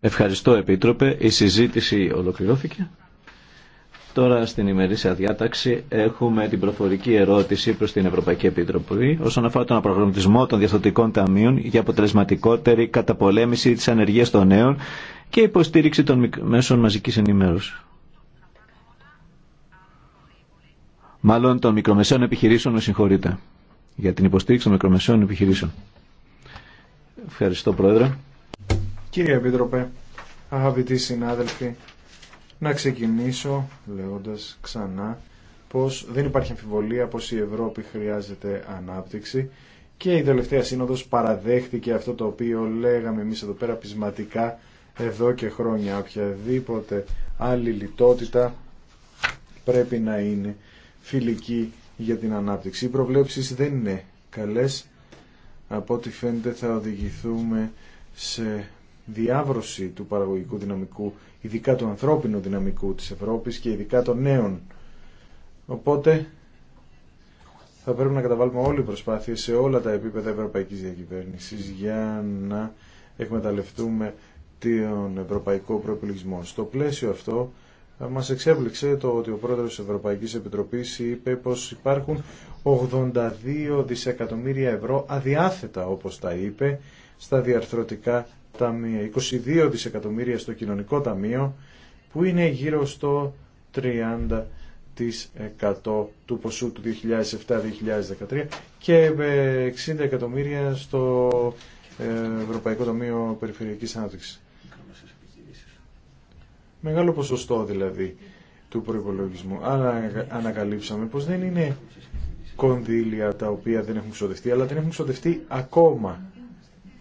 Ευχαριστώ Επίτροπε. Η συζήτηση ολοκληρώθηκε. Τώρα στην ημερήσια διάταξη έχουμε την προφορική ερώτηση προς την Ευρωπαϊκή Επιτροπή όσον αφορά τον προγραμματισμό των διαστατικών ταμείων για αποτελεσματικότερη καταπολέμηση της ανεργίας των νέων και υποστήριξη των μέσων μαζικής ενημέρωσης. Μάλλον των μικρομεσαίων επιχειρήσεων, με συγχωρείτε, για την υποστήριξη των μικρομεσαίων επιχειρήσεων. Ευχαριστώ Πρόεδρε. Κύριε Επίτροπε, αγαπητοί συνάδελφοι, να ξεκινήσω λέγοντας ξανά πως δεν υπάρχει αμφιβολία πως η Ευρώπη χρειάζεται ανάπτυξη και η τελευταία σύνοδος παραδέχτηκε αυτό το οποίο λέγαμε εμείς εδώ πέρα πισματικά εδώ και χρόνια. Οποιαδήποτε άλλη λιτότητα πρέπει να είναι φιλική για την ανάπτυξη. Οι προβλέψεις δεν είναι καλές. Από ό,τι φαίνεται θα οδηγηθούμε σε διάβρωση του παραγωγικού δυναμικού, ειδικά του ανθρώπινου δυναμικού της Ευρώπης και ειδικά των νέων. Οπότε θα πρέπει να καταβάλουμε όλοι οι προσπάθειες σε όλα τα επίπεδα ευρωπαϊκής διακυβέρνησης για να εκμεταλλευτούμε τον ευρωπαϊκό προεπιλογισμό. Στο πλαίσιο αυτό μας εξέπληξε το ότι ο πρόεδρος της Ευρωπαϊκής Επιτροπής είπε πως υπάρχουν 82 δισεκατομμύρια ευρώ αδιάθετα όπως τα είπε στα διαρθρωτικά ταμείο, 22 δισεκατομμύρια στο κοινωνικό ταμείο, που είναι γύρω στο 30% του ποσού του 2007-2013 και 60 ε, εκατομμύρια στο ε, Ευρωπαϊκό Ταμείο Περιφερειακής Ανάπτυξης. Μεγάλο ποσοστό δηλαδή του προϋπολογισμού. Αλλά ανακαλύψαμε πως δεν είναι κονδύλια τα οποία δεν έχουν ξοδευτεί, αλλά δεν έχουν ξοδευτεί ακόμα.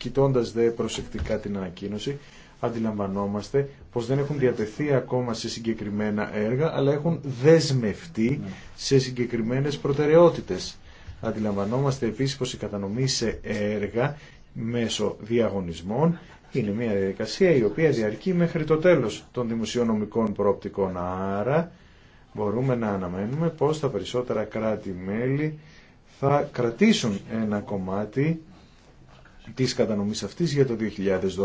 Κοιτώντας δε προσεκτικά την ανακοίνωση, αντιλαμβανόμαστε πως δεν έχουν διατεθεί ακόμα σε συγκεκριμένα έργα, αλλά έχουν δεσμευτεί ναι. σε συγκεκριμένες προτεραιότητες. Αντιλαμβανόμαστε επίσης πως η κατανομή σε έργα μέσω διαγωνισμών είναι μια διαδικασία η οποία διαρκεί μέχρι το τέλος των δημοσιονομικών προοπτικών. Άρα μπορούμε να αναμένουμε πως τα περισσότερα κράτη-μέλη θα κρατήσουν ένα κομμάτι Τη κατανομή αυτή για το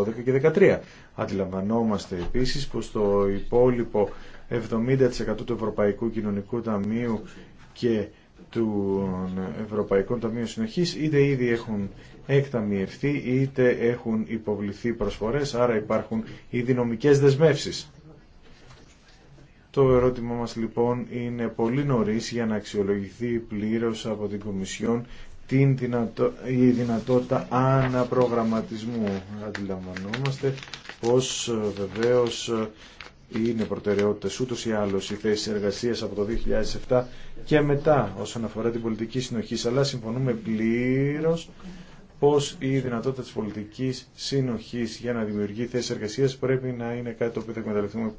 2012 και 2013. Αντιλαμβανόμαστε επίσης πως το υπόλοιπο 70% του Ευρωπαϊκού Κοινωνικού Ταμείου και του Ευρωπαϊκού Ταμείου Συνοχή είτε ήδη έχουν εκταμιευθεί είτε έχουν υποβληθεί προσφορές, άρα υπάρχουν ήδη νομικές δεσμεύσει. Το ερώτημα μας λοιπόν είναι πολύ νωρίς για να αξιολογηθεί πλήρως από την Κομισιόν την η δυνατότητα αναπρογραμματισμού. Αντιλαμβανόμαστε πως ε, βεβαίως ε, είναι προτεραιότητες ούτως ή άλλως οι θέσεις εργασίας από το 2007 και μετά όσον αφορά την πολιτική συνοχή, αλλά συμφωνούμε πλήρως πως η δυνατότητα της πολιτικής συνοχής για να δημιουργεί θέσεις εργασίας πρέπει να είναι κάτι το οποίο θα εκμεταλλευτούμε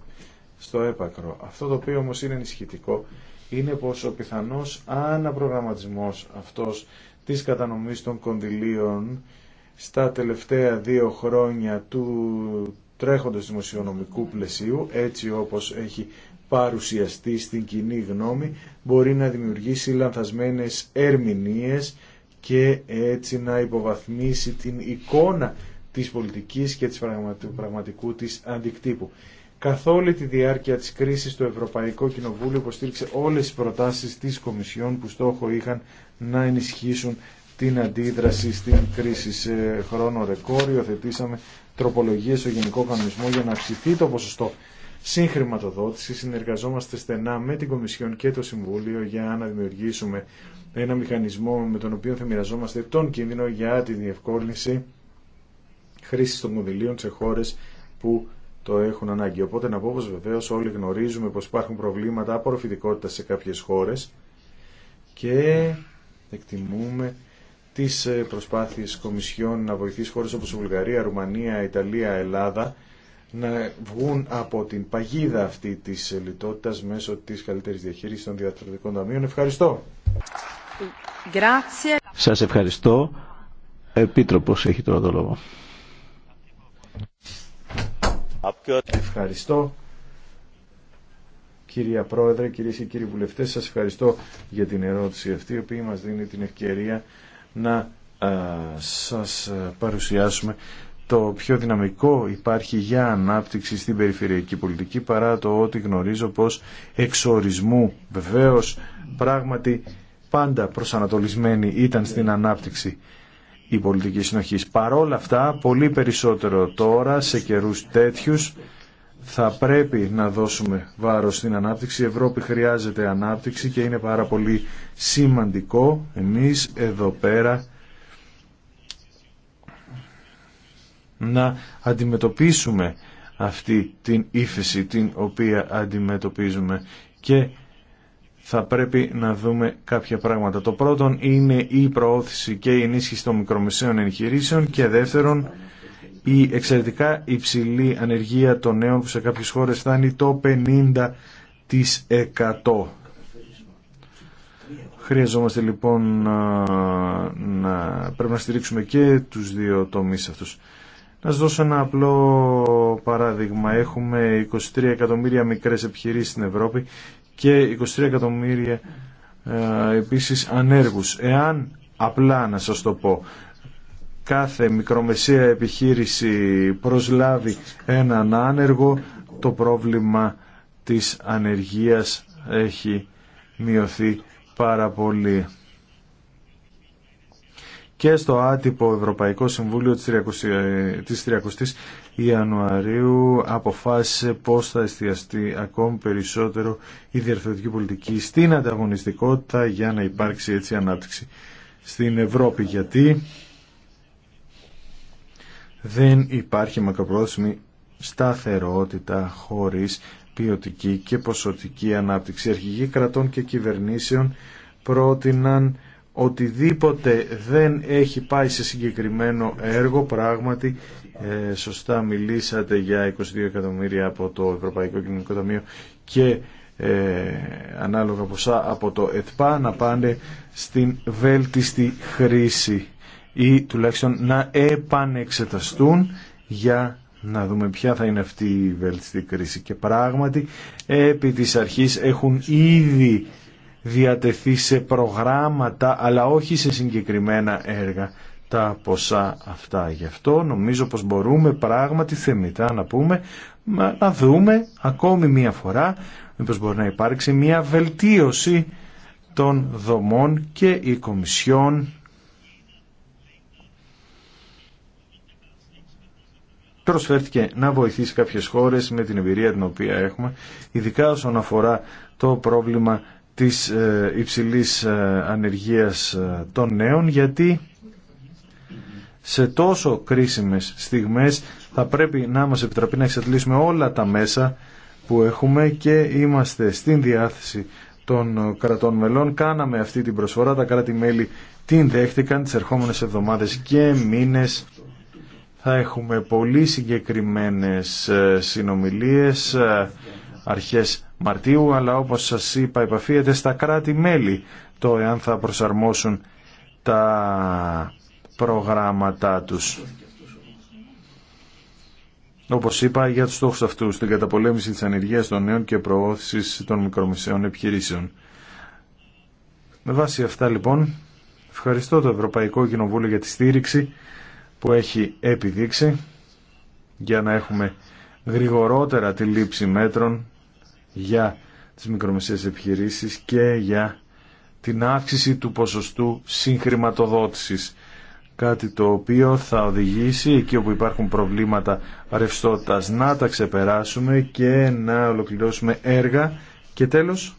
στο έπακρο. Αυτό το οποίο όμως είναι ενισχυτικό είναι πως ο πιθανός αναπρογραμματισμός αυτός της κατανομής των κονδυλίων στα τελευταία δύο χρόνια του τρέχοντος δημοσιονομικού πλαισίου, έτσι όπως έχει παρουσιαστεί στην κοινή γνώμη, μπορεί να δημιουργήσει λανθασμένες ερμηνείες και έτσι να υποβαθμίσει την εικόνα της πολιτικής και της πραγματικού της αντικτύπου. Καθ' όλη τη διάρκεια της κρίσης το Ευρωπαϊκό Κοινοβούλιο υποστήριξε όλες τις προτάσεις της Κομισιόν που στόχο είχαν να ενισχύσουν την αντίδραση στην κρίση. Σε χρόνο ρεκόρ υιοθετήσαμε τροπολογίες στο Γενικό Κανονισμό για να αυξηθεί το ποσοστό συγχρηματοδότηση. Συνεργαζόμαστε στενά με την Κομισιόν και το Συμβούλιο για να δημιουργήσουμε ένα μηχανισμό με τον οποίο θα μοιραζόμαστε τον κίνδυνο για τη διευκόλυνση χρήση των κονδυλίων σε χώρε που το έχουν ανάγκη. Οπότε να πω πως βεβαίως όλοι γνωρίζουμε πως υπάρχουν προβλήματα απορροφητικότητα σε κάποιες χώρες και Εκτιμούμε τις ε, προσπάθειες κομισιών να βοηθήσει χώρες όπως η Βουλγαρία, Ρουμανία, Ιταλία, Ελλάδα να βγουν από την παγίδα αυτή της λιτότητας μέσω της καλύτερης διαχείρισης των διατροφικών ταμείων. Ευχαριστώ. Σας ευχαριστώ. Επίτροπος έχει τώρα το λόγο. Ευχαριστώ. Κυρία Πρόεδρε, κυρίε και κύριοι βουλευτέ, σα ευχαριστώ για την ερώτηση αυτή, η οποία μα δίνει την ευκαιρία να σας παρουσιάσουμε το πιο δυναμικό υπάρχει για ανάπτυξη στην περιφερειακή πολιτική παρά το ότι γνωρίζω πως εξορισμού βεβαίως πράγματι πάντα προσανατολισμένη ήταν στην ανάπτυξη η πολιτική συνοχής. Παρόλα αυτά πολύ περισσότερο τώρα σε καιρούς τέτοιους θα πρέπει να δώσουμε βάρος στην ανάπτυξη. Η Ευρώπη χρειάζεται ανάπτυξη και είναι πάρα πολύ σημαντικό εμείς εδώ πέρα να αντιμετωπίσουμε αυτή την ύφεση την οποία αντιμετωπίζουμε και θα πρέπει να δούμε κάποια πράγματα. Το πρώτον είναι η προώθηση και η ενίσχυση των μικρομεσαίων εγχειρήσεων και δεύτερον η εξαιρετικά υψηλή ανεργία των νέων που σε κάποιες χώρες φτάνει το 50%. Χρειαζόμαστε λοιπόν να πρέπει να στηρίξουμε και τους δύο τομείς αυτούς. Να σας δώσω ένα απλό παράδειγμα. Έχουμε 23 εκατομμύρια μικρές επιχειρήσεις στην Ευρώπη και 23 εκατομμύρια επίσης ανέργους. Εάν απλά να σας το πω κάθε μικρομεσαία επιχείρηση προσλάβει έναν άνεργο, το πρόβλημα της ανεργίας έχει μειωθεί πάρα πολύ. Και στο άτυπο Ευρωπαϊκό Συμβούλιο της 30ης Ιανουαρίου αποφάσισε πώς θα εστιαστεί ακόμη περισσότερο η διαρθρωτική πολιτική στην ανταγωνιστικότητα για να υπάρξει έτσι ανάπτυξη στην Ευρώπη. Γιατί δεν υπάρχει μακροπρόθεσμη σταθερότητα χωρίς ποιοτική και ποσοτική ανάπτυξη. Αρχηγοί κρατών και κυβερνήσεων πρότειναν οτιδήποτε δεν έχει πάει σε συγκεκριμένο έργο πράγματι ε, σωστά μιλήσατε για 22 εκατομμύρια από το Ευρωπαϊκό Κοινωνικό Ταμείο και ε, ανάλογα ποσά από το ΕΤΠΑ να πάνε στην βέλτιστη χρήση ή τουλάχιστον να επανεξεταστούν για να δούμε ποια θα είναι αυτή η βελτιστή κρίση. Και πράγματι, επί της αρχής έχουν ήδη διατεθεί σε προγράμματα, αλλά όχι σε συγκεκριμένα έργα τα ποσά αυτά. Γι' αυτό νομίζω πως μπορούμε πράγματι θεμητά να πούμε, να δούμε ακόμη μία φορά, μήπως μπορεί να υπάρξει μία βελτίωση των δομών και οι Κομισιόν προσφέρθηκε να βοηθήσει κάποιες χώρες με την εμπειρία την οποία έχουμε, ειδικά όσον αφορά το πρόβλημα της ε, υψηλής ε, ανεργίας ε, των νέων, γιατί σε τόσο κρίσιμες στιγμές θα πρέπει να μας επιτραπεί να εξατλήσουμε όλα τα μέσα που έχουμε και είμαστε στην διάθεση των κρατών μελών. Κάναμε αυτή την προσφορά, τα κράτη-μέλη την δέχτηκαν τις ερχόμενες εβδομάδες και μήνες θα έχουμε πολύ συγκεκριμένες ε, συνομιλίες ε, αρχές Μαρτίου, αλλά όπως σας είπα επαφίεται στα κράτη-μέλη το εάν θα προσαρμόσουν τα προγράμματά τους. Όπως είπα, για τους στόχους αυτούς, την καταπολέμηση της ανεργίας των νέων και προώθηση των μικρομεσαίων επιχειρήσεων. Με βάση αυτά λοιπόν, ευχαριστώ το Ευρωπαϊκό Κοινοβούλιο για τη στήριξη που έχει επιδείξει για να έχουμε γρηγορότερα τη λήψη μέτρων για τις μικρομεσαίες επιχειρήσεις και για την αύξηση του ποσοστού συγχρηματοδότησης. Κάτι το οποίο θα οδηγήσει εκεί όπου υπάρχουν προβλήματα ρευστότητας να τα ξεπεράσουμε και να ολοκληρώσουμε έργα. Και τέλος,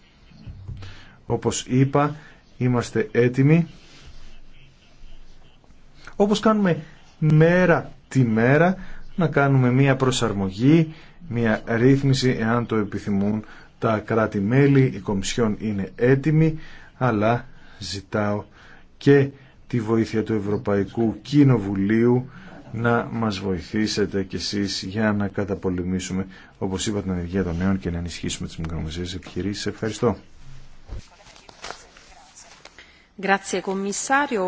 όπως είπα, είμαστε έτοιμοι όπως κάνουμε μέρα τη μέρα να κάνουμε μία προσαρμογή, μία ρύθμιση εάν το επιθυμούν τα κράτη-μέλη, η Κομισιόν είναι έτοιμη, αλλά ζητάω και τη βοήθεια του Ευρωπαϊκού Κοινοβουλίου να μας βοηθήσετε κι εσείς για να καταπολεμήσουμε, όπως είπα, την ενεργεία των νέων και να ενισχύσουμε τις μικρομεσαίες επιχειρήσεις. Ευχαριστώ.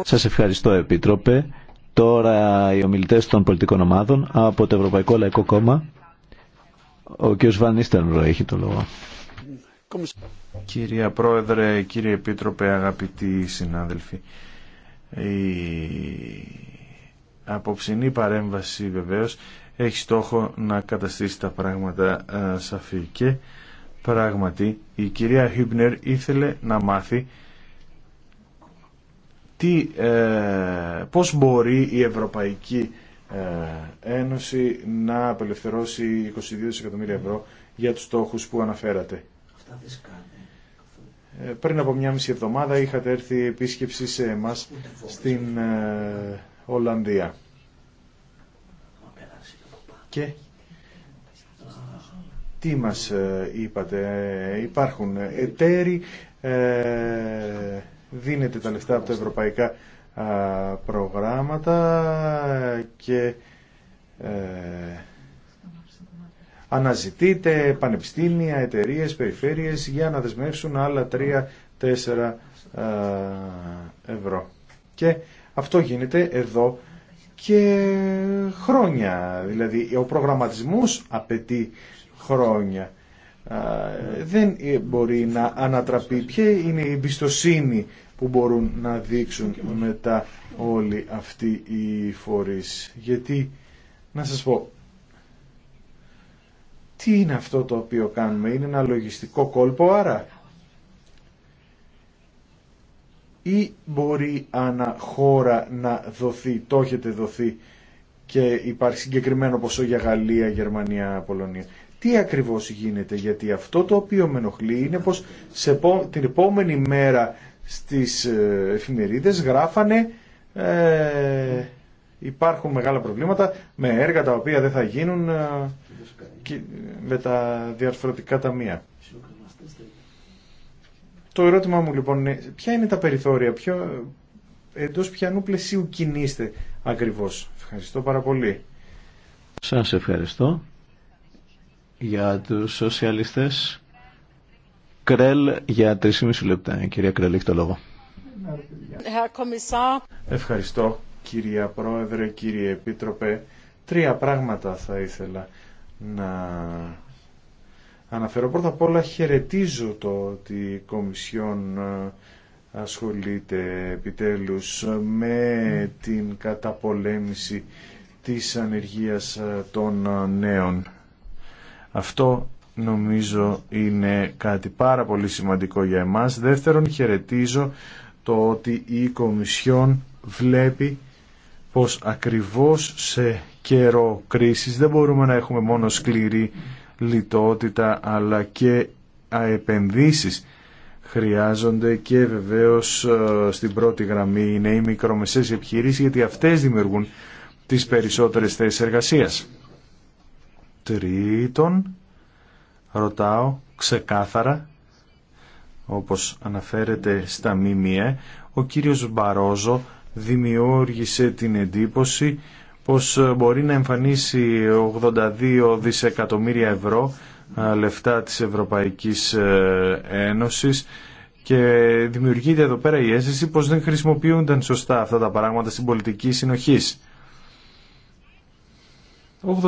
Σας ευχαριστώ, Επίτροπε τώρα οι ομιλητές των πολιτικών ομάδων από το Ευρωπαϊκό Λαϊκό Κόμμα. Ο κ. Βαν έχει το λόγο. Κυρία Πρόεδρε, κύριε Επίτροπε, αγαπητοί συνάδελφοι, η απόψινή παρέμβαση βεβαίως έχει στόχο να καταστήσει τα πράγματα ε, σαφή και πράγματι η κυρία Χίμπνερ ήθελε να μάθει τι, ε, πώς μπορεί η Ευρωπαϊκή ε, Ένωση να απελευθερώσει 22 δισεκατομμύρια ευρώ για τους στόχους που αναφέρατε. Αυτά δεν ε, πριν από μια μισή εβδομάδα είχατε έρθει επίσκεψη σε εμάς στην Ολλανδία. Και τι μας είπατε, υπάρχουν εταίροι, ε, δίνεται τα λεφτά από τα ευρωπαϊκά προγράμματα και ε, αναζητείτε πανεπιστήμια, εταιρείες, περιφέρειες για να δεσμεύσουν άλλα 3-4 ευρώ. Και αυτό γίνεται εδώ και χρόνια. Δηλαδή ο προγραμματισμός απαιτεί χρόνια δεν μπορεί να ανατραπεί. Ποια είναι η εμπιστοσύνη που μπορούν να δείξουν μετά όλοι αυτοί οι φορείς. Γιατί, να σας πω, τι είναι αυτό το οποίο κάνουμε, είναι ένα λογιστικό κόλπο άρα ή μπορεί ανά χώρα να δοθεί, το έχετε δοθεί και υπάρχει συγκεκριμένο ποσό για Γαλλία, Γερμανία, Πολωνία. Τι ακριβώς γίνεται, γιατί αυτό το οποίο με ενοχλεί είναι πως σε, την επόμενη μέρα στις ε, εφημερίδες γράφανε ε, υπάρχουν μεγάλα προβλήματα με έργα τα οποία δεν θα γίνουν ε, με τα διαρθρωτικά ταμεία. Το ερώτημά μου λοιπόν είναι ποια είναι τα περιθώρια, ποιο, εντός ποιανού πλαισίου κινείστε ακριβώς. Ευχαριστώ πάρα πολύ. Σας ευχαριστώ για τους σοσιαλιστές. Κρέλ για 3,5 λεπτά. Κυρία Κρέλ, έχει το λόγο. Ευχαριστώ κυρία Πρόεδρε, κύριε Επίτροπε. Τρία πράγματα θα ήθελα να αναφέρω. Πρώτα απ' όλα χαιρετίζω το ότι η Κομισιόν ε, ασχολείται επιτέλους με την καταπολέμηση της ανεργίας των νέων. Αυτό νομίζω είναι κάτι πάρα πολύ σημαντικό για εμάς. Δεύτερον, χαιρετίζω το ότι η Κομισιόν βλέπει πως ακριβώς σε καιρό κρίσης δεν μπορούμε να έχουμε μόνο σκληρή λιτότητα αλλά και επενδύσεις χρειάζονται και βεβαίως ε, στην πρώτη γραμμή είναι οι μικρομεσαίες επιχειρήσεις γιατί αυτές δημιουργούν τις περισσότερες θέσεις εργασίας. Τρίτον, ρωτάω ξεκάθαρα, όπως αναφέρεται στα ΜΜΕ, ο κύριος Μπαρόζο δημιούργησε την εντύπωση πως μπορεί να εμφανίσει 82 δισεκατομμύρια ευρώ λεφτά της Ευρωπαϊκής ε, Ένωσης και δημιουργείται εδώ πέρα η αίσθηση πως δεν χρησιμοποιούνταν σωστά αυτά τα παράγματα στην πολιτική συνοχής.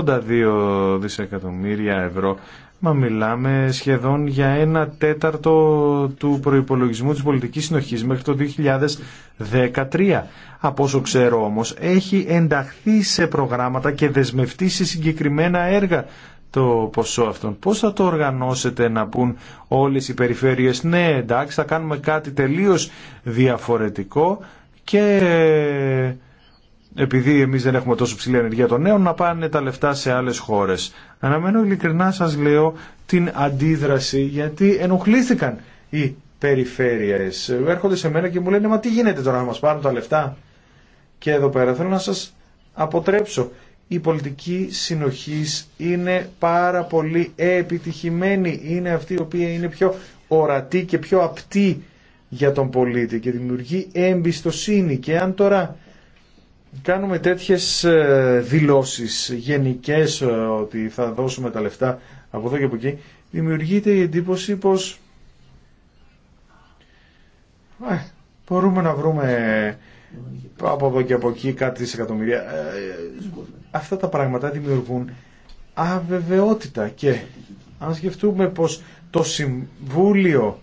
82 δισεκατομμύρια ευρώ. Μα μιλάμε σχεδόν για ένα τέταρτο του προϋπολογισμού της πολιτικής συνοχής μέχρι το 2013. Από όσο ξέρω όμως έχει ενταχθεί σε προγράμματα και δεσμευτεί σε συγκεκριμένα έργα το ποσό αυτόν. Πώς θα το οργανώσετε να πούν όλες οι περιφέρειες ναι εντάξει θα κάνουμε κάτι τελείως διαφορετικό και επειδή εμείς δεν έχουμε τόσο ψηλή ενεργεία των νέων να πάνε τα λεφτά σε άλλες χώρες. Αναμένω ειλικρινά σας λέω την αντίδραση γιατί ενοχλήθηκαν οι περιφέρειες. Έρχονται σε μένα και μου λένε μα τι γίνεται τώρα να μας πάρουν τα λεφτά. Και εδώ πέρα θέλω να σας αποτρέψω η πολιτική συνοχής είναι πάρα πολύ επιτυχημένη. Είναι αυτή η οποία είναι πιο ορατή και πιο απτή για τον πολίτη και δημιουργεί εμπιστοσύνη. Και αν τώρα κάνουμε τέτοιες ε, δηλώσεις γενικές ε, ότι θα δώσουμε τα λεφτά από εδώ και από εκεί, δημιουργείται η εντύπωση πως ε, μπορούμε να βρούμε από εδώ και από εκεί κάτι δισεκατομμύρια. εκατομμύρια αυτά τα πράγματα δημιουργούν αβεβαιότητα και αν σκεφτούμε πως το Συμβούλιο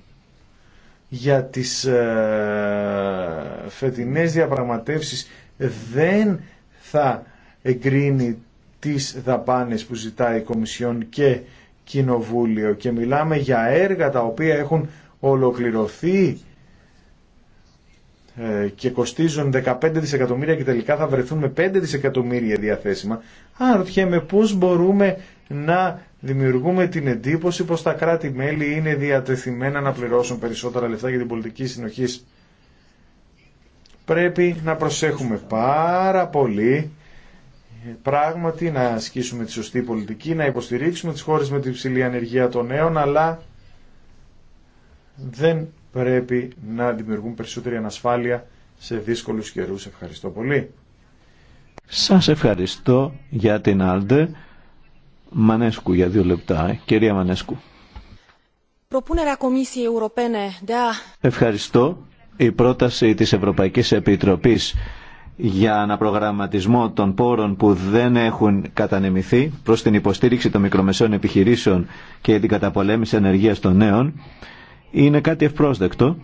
για τις ε, φετινές διαπραγματεύσεις δεν θα εγκρίνει τις δαπάνες που ζητάει η Κομισιόν και Κοινοβούλιο και μιλάμε για έργα τα οποία έχουν ολοκληρωθεί ε, και κοστίζουν 15 δισεκατομμύρια και τελικά θα βρεθούν με 5 δισεκατομμύρια διαθέσιμα. Αν ρωτιέμαι πώς μπορούμε να δημιουργούμε την εντύπωση πως τα κράτη-μέλη είναι διατεθειμένα να πληρώσουν περισσότερα λεφτά για την πολιτική συνοχή. Πρέπει να προσέχουμε πάρα πολύ ε, πράγματι να ασκήσουμε τη σωστή πολιτική, να υποστηρίξουμε τις χώρες με την ψηλή ανεργία των νέων, αλλά δεν πρέπει να δημιουργούν περισσότερη ανασφάλεια σε δύσκολους καιρούς. Ευχαριστώ πολύ. Σας ευχαριστώ για την Άλντε. Μανέσκου για δύο λεπτά. Ε. Κυρία Μανέσκου. Ευχαριστώ. Η πρόταση της Ευρωπαϊκής Επιτροπής για αναπρογραμματισμό των πόρων που δεν έχουν κατανεμηθεί προς την υποστήριξη των μικρομεσαίων επιχειρήσεων και την καταπολέμηση ενεργείας των νέων είναι κάτι ευπρόσδεκτο,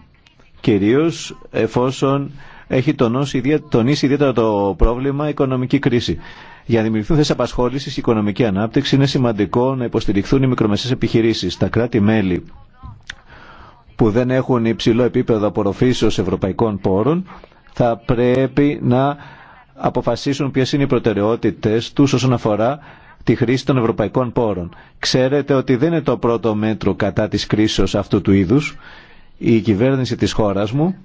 κυρίως εφόσον έχει τονώσει, τονίσει ιδιαίτερα το πρόβλημα οικονομική κρίση. Για να δημιουργηθούν θέσει απασχόληση και οικονομική ανάπτυξη είναι σημαντικό να υποστηριχθούν οι μικρομεσαίες επιχειρήσει. Τα κράτη-μέλη που δεν έχουν υψηλό επίπεδο απορροφήσεω ευρωπαϊκών πόρων θα πρέπει να αποφασίσουν ποιε είναι οι προτεραιότητες του όσον αφορά τη χρήση των ευρωπαϊκών πόρων. Ξέρετε ότι δεν είναι το πρώτο μέτρο κατά της κρίσεως αυτού του είδους. Η κυβέρνηση της χώρας μου,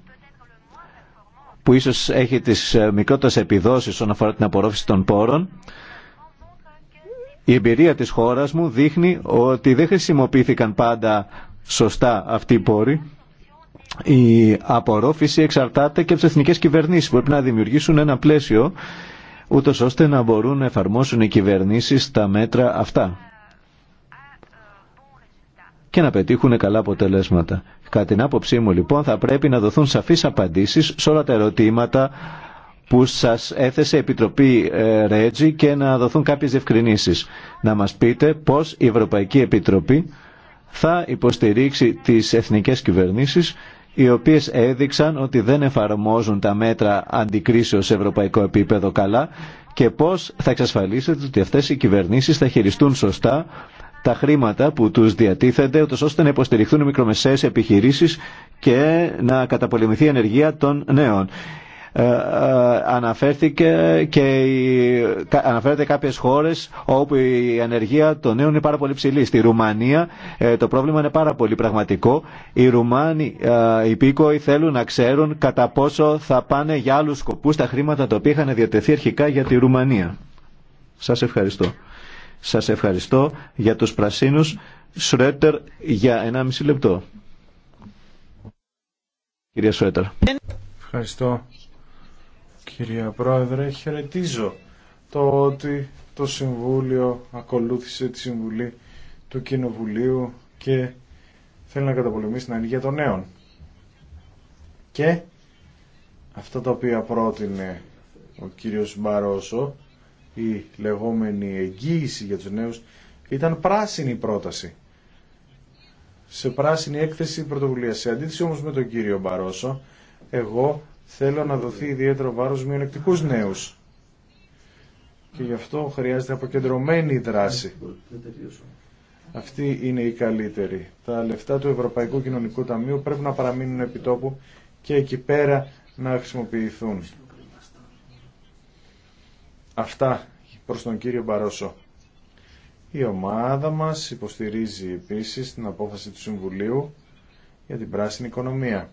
που ίσως έχει τις ε, μικρότερες επιδόσεις όσον αφορά την απορρόφηση των πόρων, η εμπειρία της χώρας μου δείχνει ότι δεν χρησιμοποιήθηκαν πάντα σωστά αυτοί οι πόροι. Η απορρόφηση εξαρτάται και από τις εθνικές κυβερνήσεις που πρέπει να δημιουργήσουν ένα πλαίσιο ούτως ώστε να μπορούν να εφαρμόσουν οι κυβερνήσεις τα μέτρα αυτά και να πετύχουν καλά αποτελέσματα. Κατά την άποψή μου λοιπόν θα πρέπει να δοθούν σαφείς απαντήσεις σε όλα τα ερωτήματα που σας έθεσε η Επιτροπή ε, Ρέτζη και να δοθούν κάποιες διευκρινήσεις. Να μας πείτε πώς η Ευρωπαϊκή Επιτροπή θα υποστηρίξει τις εθνικές κυβερνήσεις οι οποίες έδειξαν ότι δεν εφαρμόζουν τα μέτρα αντικρίσεως σε ευρωπαϊκό επίπεδο καλά και πώς θα εξασφαλίσετε ότι αυτές οι κυβερνήσεις θα χειριστούν σωστά τα χρήματα που τους διατίθενται ώστε να υποστηριχθούν οι μικρομεσαίες επιχειρήσεις και να καταπολεμηθεί η ενεργεία των νέων. Ε, ε, αναφέρθηκε και αναφέρεται κάποιες χώρες όπου η ανεργία των νέων είναι πάρα πολύ ψηλή. Στη Ρουμανία ε, το πρόβλημα είναι πάρα πολύ πραγματικό. Οι Ρουμάνοι οι υπήκοοι θέλουν να ξέρουν κατά πόσο θα πάνε για άλλους σκοπούς τα χρήματα τα οποία είχαν διατεθεί αρχικά για τη Ρουμανία. Σας ευχαριστώ. Σας ευχαριστώ για τους πρασίνους. Σρέτερ για 1,5 λεπτό. Κυρία Σρέτερ. Ευχαριστώ Κυρία Πρόεδρε, χαιρετίζω το ότι το Συμβούλιο ακολούθησε τη Συμβουλή του Κοινοβουλίου και θέλει να καταπολεμήσει την Ανοιγία των νέων. Και αυτά τα οποία πρότεινε ο κύριος Μπαρόσο, η λεγόμενη εγγύηση για τους νέους, ήταν πράσινη πρόταση. Σε πράσινη έκθεση πρωτοβουλία. Σε αντίθεση όμως με τον κύριο Μπαρόσο, εγώ θέλω να δοθεί ιδιαίτερο βάρος μειονεκτικού νέους. Και γι' αυτό χρειάζεται αποκεντρωμένη δράση. Αυτή είναι η καλύτερη. Τα λεφτά του Ευρωπαϊκού Κοινωνικού Ταμείου πρέπει να παραμείνουν επί τόπου και εκεί πέρα να χρησιμοποιηθούν. Αυτά προς τον κύριο Μπαρόσο. Η ομάδα μας υποστηρίζει επίσης την απόφαση του Συμβουλίου για την πράσινη οικονομία.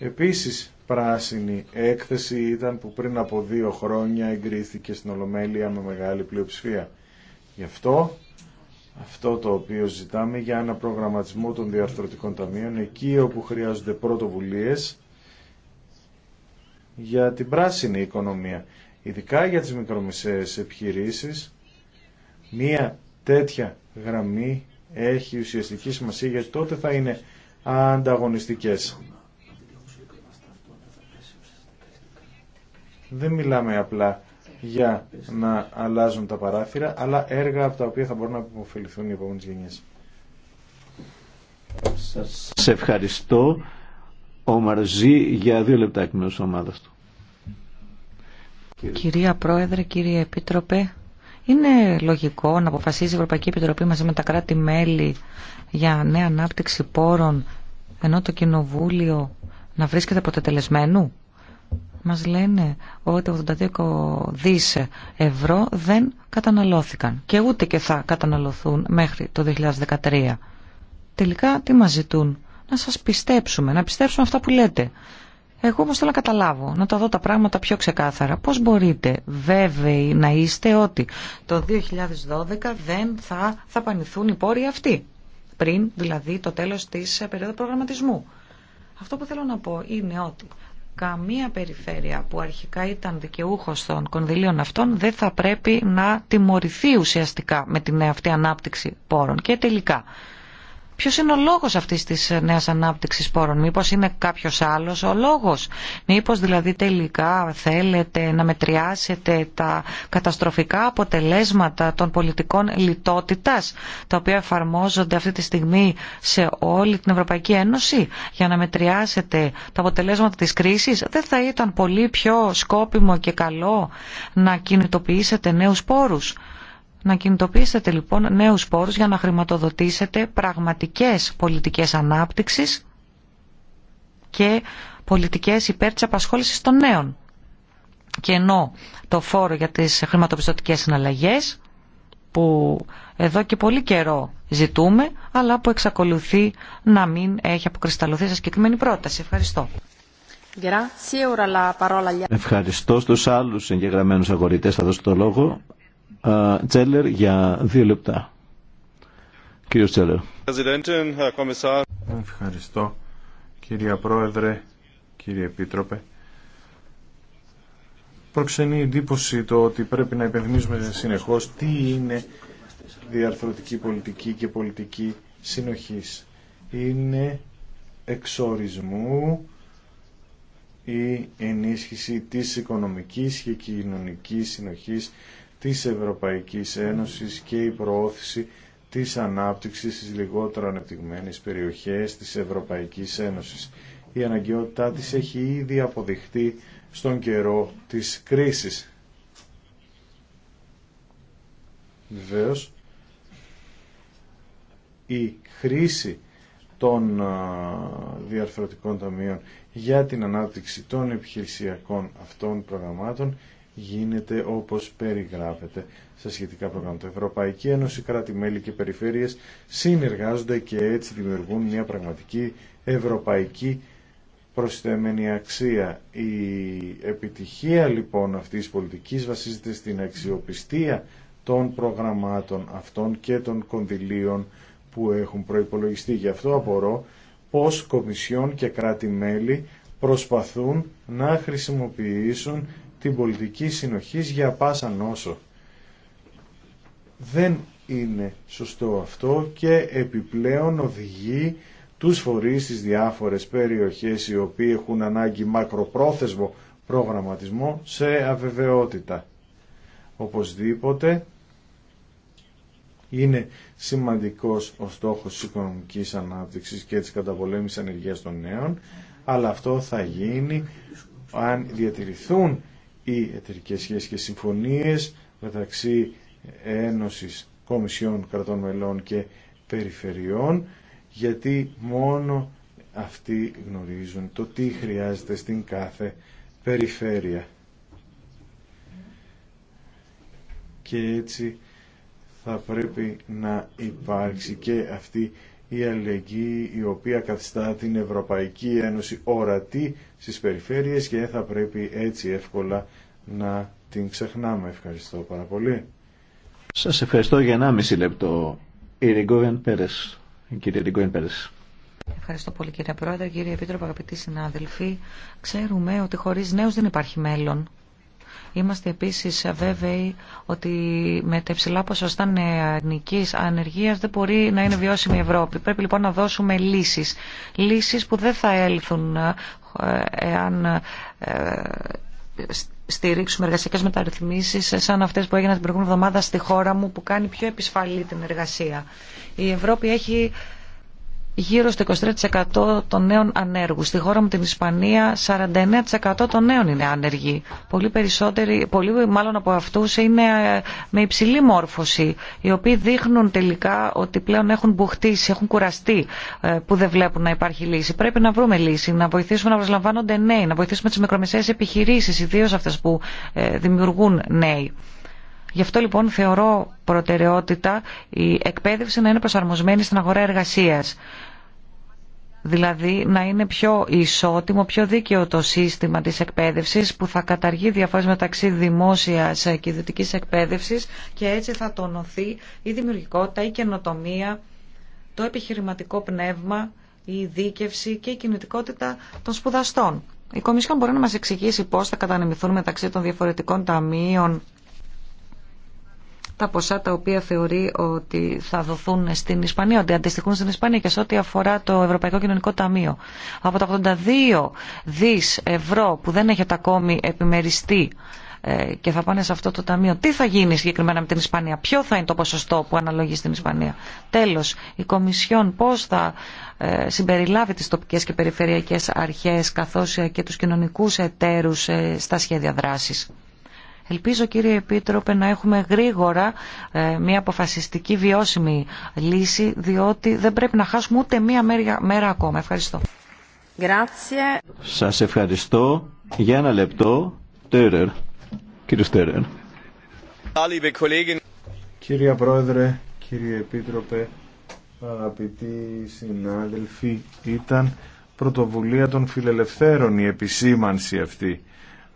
Επίσης πράσινη έκθεση ήταν που πριν από δύο χρόνια εγκρίθηκε στην Ολομέλεια με μεγάλη πλειοψηφία. Γι' αυτό αυτό το οποίο ζητάμε για ένα προγραμματισμό των διαρθρωτικών ταμείων εκεί όπου χρειάζονται πρωτοβουλίες για την πράσινη οικονομία. Ειδικά για τις μικρομεσαίες επιχειρήσεις μία τέτοια γραμμή έχει ουσιαστική σημασία γιατί τότε θα είναι ανταγωνιστικές. Δεν μιλάμε απλά για να αλλάζουν τα παράθυρα, αλλά έργα από τα οποία θα μπορούν να αποφεληθούν οι επόμενες γενιές. Σας ευχαριστώ ο Μαρζή για δύο λεπτά εκ του. Κυρία Πρόεδρε, κύριε Επίτροπε, είναι λογικό να αποφασίζει η Ευρωπαϊκή Επιτροπή μαζί με τα κράτη-μέλη για νέα ανάπτυξη πόρων, ενώ το Κοινοβούλιο να βρίσκεται αποτελεσμένου. Μας λένε ότι 82 δις ευρώ δεν καταναλώθηκαν και ούτε και θα καταναλωθούν μέχρι το 2013. Τελικά τι μας ζητούν, να σας πιστέψουμε, να πιστέψουμε αυτά που λέτε. Εγώ όμως θέλω να καταλάβω, να τα δω τα πράγματα πιο ξεκάθαρα. Πώς μπορείτε βέβαιοι να είστε ότι το 2012 δεν θα πανηθούν οι πόροι αυτοί, πριν δηλαδή το τέλος της περίοδου προγραμματισμού. Αυτό που θέλω να πω είναι ότι καμία περιφέρεια που αρχικά ήταν δικαιούχος των κονδυλίων αυτών δεν θα πρέπει να τιμωρηθεί ουσιαστικά με την αυτή ανάπτυξη πόρων. Και τελικά, Ποιος είναι ο λόγος αυτής της ε, νέας ανάπτυξης πόρων, μήπως είναι κάποιος άλλος ο λόγος, μήπως δηλαδή τελικά θέλετε να μετριάσετε τα καταστροφικά αποτελέσματα των πολιτικών λιτότητας, τα οποία εφαρμόζονται αυτή τη στιγμή σε όλη την Ευρωπαϊκή Ένωση, για να μετριάσετε τα αποτελέσματα της κρίσης, δεν θα ήταν πολύ πιο σκόπιμο και καλό να κινητοποιήσετε νέους πόρους να κινητοποιήσετε λοιπόν νέους πόρους για να χρηματοδοτήσετε πραγματικές πολιτικές ανάπτυξης και πολιτικές υπέρ της απασχόλησης των νέων. Και ενώ το φόρο για τις χρηματοπιστωτικές συναλλαγές που εδώ και πολύ καιρό ζητούμε αλλά που εξακολουθεί να μην έχει αποκρισταλωθεί σε συγκεκριμένη πρόταση. Ευχαριστώ. Ευχαριστώ στους άλλους εγγεγραμμένους αγορητές. Θα δώσω το λόγο. Ε, Τσέλερ για δύο λεπτά. Κύριος Τσέλερ. Ευχαριστώ κύριε Πρόεδρε, κύριε Επίτροπε. Προξενεί εντύπωση το ότι πρέπει να υπενθυμίζουμε συνεχώς τι είναι διαρθρωτική πολιτική και πολιτική συνοχής. Είναι εξορισμού η ενίσχυση της οικονομικής και κοινωνικής συνοχής της Ευρωπαϊκής Ένωσης και η προώθηση της ανάπτυξης στις λιγότερο ανεπτυγμένες περιοχές της Ευρωπαϊκής Ένωσης. Η αναγκαιότητά της έχει ήδη αποδειχτεί στον καιρό της κρίσης. Βεβαίω, η χρήση των διαρθρωτικών ταμείων για την ανάπτυξη των επιχειρησιακών αυτών προγραμμάτων γίνεται όπως περιγράφεται στα σχετικά προγράμματα. Ευρωπαϊκή Ένωση, κράτη-μέλη και περιφέρειες συνεργάζονται και έτσι δημιουργούν μια πραγματική ευρωπαϊκή προσθέμενη αξία. Η επιτυχία λοιπόν αυτής της πολιτικής βασίζεται στην αξιοπιστία των προγραμμάτων αυτών και των κονδυλίων που έχουν προϋπολογιστεί. Γι' αυτό απορώ πως Κομισιόν και κράτη-μέλη προσπαθούν να χρησιμοποιήσουν την πολιτική συνοχής για πάσα νόσο. Δεν είναι σωστό αυτό και επιπλέον οδηγεί τους φορείς στις διάφορες περιοχές οι οποίοι έχουν ανάγκη μακροπρόθεσμο προγραμματισμό σε αβεβαιότητα. Οπωσδήποτε είναι σημαντικός ο στόχος της οικονομικής ανάπτυξης και της καταπολέμησης ανεργίας των νέων, αλλά αυτό θα γίνει αν διατηρηθούν οι εταιρικές σχέσεις και συμφωνίες μεταξύ Ένωσης Κομισιών Κρατών Μελών και Περιφερειών γιατί μόνο αυτοί γνωρίζουν το τι χρειάζεται στην κάθε περιφέρεια. Και έτσι θα πρέπει να υπάρξει και αυτή η αλληλεγγύη η οποία καθιστά την Ευρωπαϊκή Ένωση ορατή στις περιφέρειες και θα πρέπει έτσι εύκολα να την ξεχνάμε. Ευχαριστώ πάρα πολύ. Σας ευχαριστώ για 1,5 λεπτό. Η Η Ευχαριστώ πολύ κύριε Πρόεδρε, κύριε Επίτροπο, αγαπητοί συνάδελφοι. Ξέρουμε ότι χωρίς νέους δεν υπάρχει μέλλον. Είμαστε επίσης βέβαιοι ότι με τα υψηλά ποσοστά νεανικής ανεργίας δεν μπορεί να είναι βιώσιμη η Ευρώπη. Πρέπει λοιπόν να δώσουμε λύσεις. Λύσεις που δεν θα έλθουν ε, εάν ε, στηρίξουμε εργασιακές μεταρρυθμίσεις ε, σαν αυτές που έγιναν την προηγούμενη εβδομάδα στη χώρα μου που κάνει πιο επισφαλή την εργασία. Η Ευρώπη έχει γύρω στο 23% των νέων ανέργου. Στη χώρα μου την Ισπανία 49% των νέων είναι άνεργοι. Πολύ περισσότεροι, πολύ μάλλον από αυτούς είναι ε, με υψηλή μόρφωση, οι οποίοι δείχνουν τελικά ότι πλέον έχουν μπουχτήσει, έχουν κουραστεί ε, που δεν βλέπουν να υπάρχει λύση. Πρέπει να βρούμε λύση, να βοηθήσουμε να προσλαμβάνονται νέοι, να βοηθήσουμε τις μικρομεσαίες επιχειρήσεις, ιδίω αυτές που ε, δημιουργούν νέοι. Γι' αυτό λοιπόν θεωρώ προτεραιότητα η εκπαίδευση να είναι προσαρμοσμένη στην αγορά εργασίας δηλαδή να είναι πιο ισότιμο, πιο δίκαιο το σύστημα της εκπαίδευσης που θα καταργεί διαφορές μεταξύ δημόσιας και ιδιωτικής εκπαίδευσης και έτσι θα τονωθεί η δημιουργικότητα, η καινοτομία, το επιχειρηματικό πνεύμα, η δίκευση και η κινητικότητα των σπουδαστών. Η Κομισιόν μπορεί να μας εξηγήσει πώς θα κατανεμηθούν μεταξύ των διαφορετικών ταμείων τα ποσά τα οποία θεωρεί ότι θα δοθούν στην Ισπανία, ότι αντιστοιχούν στην Ισπανία και σε ό,τι αφορά το Ευρωπαϊκό Κοινωνικό Ταμείο. Από τα 82 δι ευρώ που δεν έχετε ακόμη επιμεριστεί ε, και θα πάνε σε αυτό το ταμείο. Τι θα γίνει συγκεκριμένα με την Ισπανία, ποιο θα είναι το ποσοστό που αναλογεί στην Ισπανία. Τέλο, η Κομισιόν πώ θα ε, συμπεριλάβει τι τοπικέ και περιφερειακέ αρχέ καθώ ε, και του κοινωνικού εταίρου στα σχέδια δράση. Ελπίζω κύριε Επίτροπε να έχουμε γρήγορα ε, μια αποφασιστική βιώσιμη λύση διότι δεν πρέπει να χάσουμε ούτε μία μέρα ακόμα. Ευχαριστώ. Σας ευχαριστώ. Για ένα λεπτό. Τέρερ. Κύριε Στέρερ. Κύριε Πρόεδρε, κύριε Επίτροπε, αγαπητοί συνάδελφοι, ήταν πρωτοβουλία των φιλελευθέρων η επισήμανση αυτή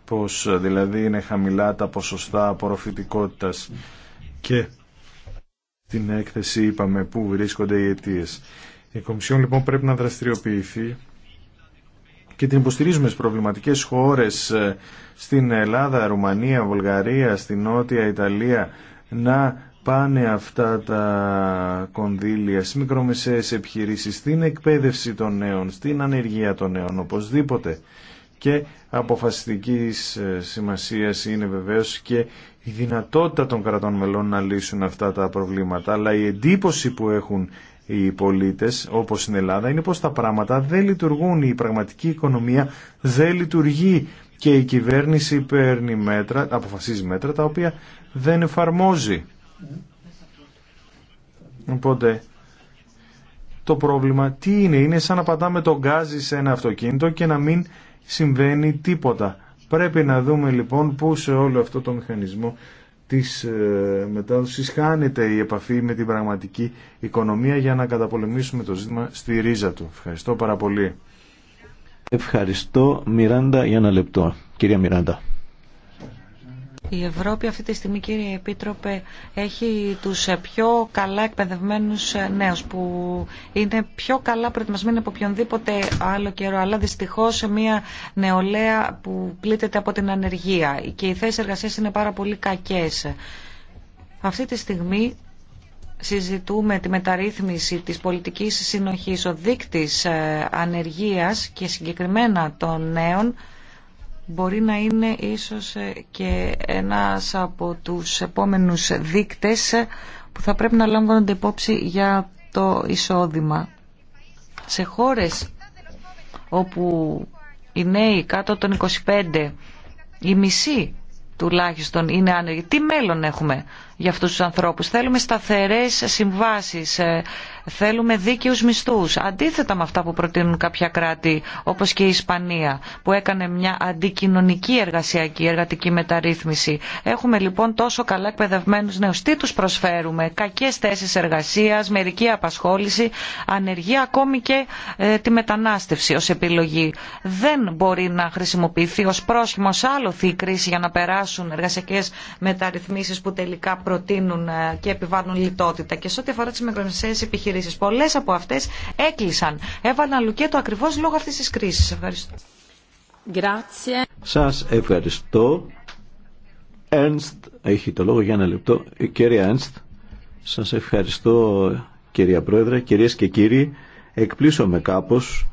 πως ε, δηλαδή είναι χαμηλά τα ποσοστά απορροφητικότητας και την έκθεση είπαμε που βρίσκονται οι αιτίε. Η Κομισιόν λοιπόν πρέπει να δραστηριοποιηθεί και την υποστηρίζουμε στις προβληματικές χώρες ε, στην Ελλάδα, Ρουμανία, Βουλγαρία, στην Νότια Ιταλία να πάνε αυτά τα κονδύλια στις μικρομεσαίες επιχειρήσεις, στην εκπαίδευση των νέων, στην ανεργία των νέων, οπωσδήποτε και αποφασιστικής ε, σημασίας είναι βεβαίως και η δυνατότητα των κρατών μελών να λύσουν αυτά τα προβλήματα. Αλλά η εντύπωση που έχουν οι πολίτες, όπως στην Ελλάδα, είναι πως τα πράγματα δεν λειτουργούν. Η πραγματική οικονομία δεν λειτουργεί και η κυβέρνηση παίρνει μέτρα, αποφασίζει μέτρα τα οποία δεν εφαρμόζει. Οπότε το πρόβλημα. Τι είναι, είναι σαν να πατάμε τον γκάζι σε ένα αυτοκίνητο και να μην συμβαίνει τίποτα. Πρέπει να δούμε λοιπόν πού σε όλο αυτό το μηχανισμό της ε, μετάδοσης χάνεται η επαφή με την πραγματική οικονομία για να καταπολεμήσουμε το ζήτημα στη ρίζα του. Ευχαριστώ πάρα πολύ. Ευχαριστώ Μιράντα για ένα λεπτό. Κυρία Μιράντα. Η Ευρώπη αυτή τη στιγμή, κύριε Επίτροπε, έχει τους ε, πιο καλά εκπαιδευμένους ε, νέους που είναι πιο καλά προετοιμασμένοι από οποιονδήποτε άλλο καιρό, αλλά δυστυχώς μια νεολαία που πλήττεται από την ανεργία και οι θέσει εργασία είναι πάρα πολύ κακές. Αυτή τη στιγμή συζητούμε τη μεταρρύθμιση της πολιτικής συνοχής. Ο δείκτης ε, ανεργίας και συγκεκριμένα των νέων μπορεί να είναι ίσως ε, και ένας από τους επόμενους δείκτες που θα πρέπει να λαμβάνονται υπόψη για το εισόδημα. Σε χώρες όπου οι νέοι κάτω των 25, η μισή τουλάχιστον είναι άνεργοι. Τι μέλλον έχουμε για αυτούς τους ανθρώπους. Θέλουμε σταθερές συμβάσεις, ε, Θέλουμε δίκαιους μισθούς, αντίθετα με αυτά που προτείνουν κάποια κράτη, όπως και η Ισπανία, που έκανε μια αντικοινωνική εργασιακή, εργατική μεταρρύθμιση. Έχουμε λοιπόν τόσο καλά εκπαιδευμένους νέους. Τι τους προσφέρουμε, κακές θέσεις εργασίας, μερική απασχόληση, ανεργία, ακόμη και ε, τη μετανάστευση ως επιλογή. Δεν μπορεί να χρησιμοποιηθεί ως πρόσχημο άλοθη η κρίση για να περάσουν εργασιακές μεταρρυθμίσεις που τελικά προτείνουν ε, και επιβάλλουν λιτότητα. Και σε ό,τι αφορά τις μικρομεσαίες επιχειρήσεις, επιχειρήσεις. Πολλές από αυτές έκλεισαν. Έβαλαν Λουκέτο ακριβώς λόγω αυτής της κρίσης. Ευχαριστώ. Grazie. Σας ευχαριστώ. Ernst, έχει το λόγο για ένα λεπτό. Ε, κύριε Ernst, σας ευχαριστώ κυρία Πρόεδρε, κυρίες και κύριοι. Εκπλήσω με κάπως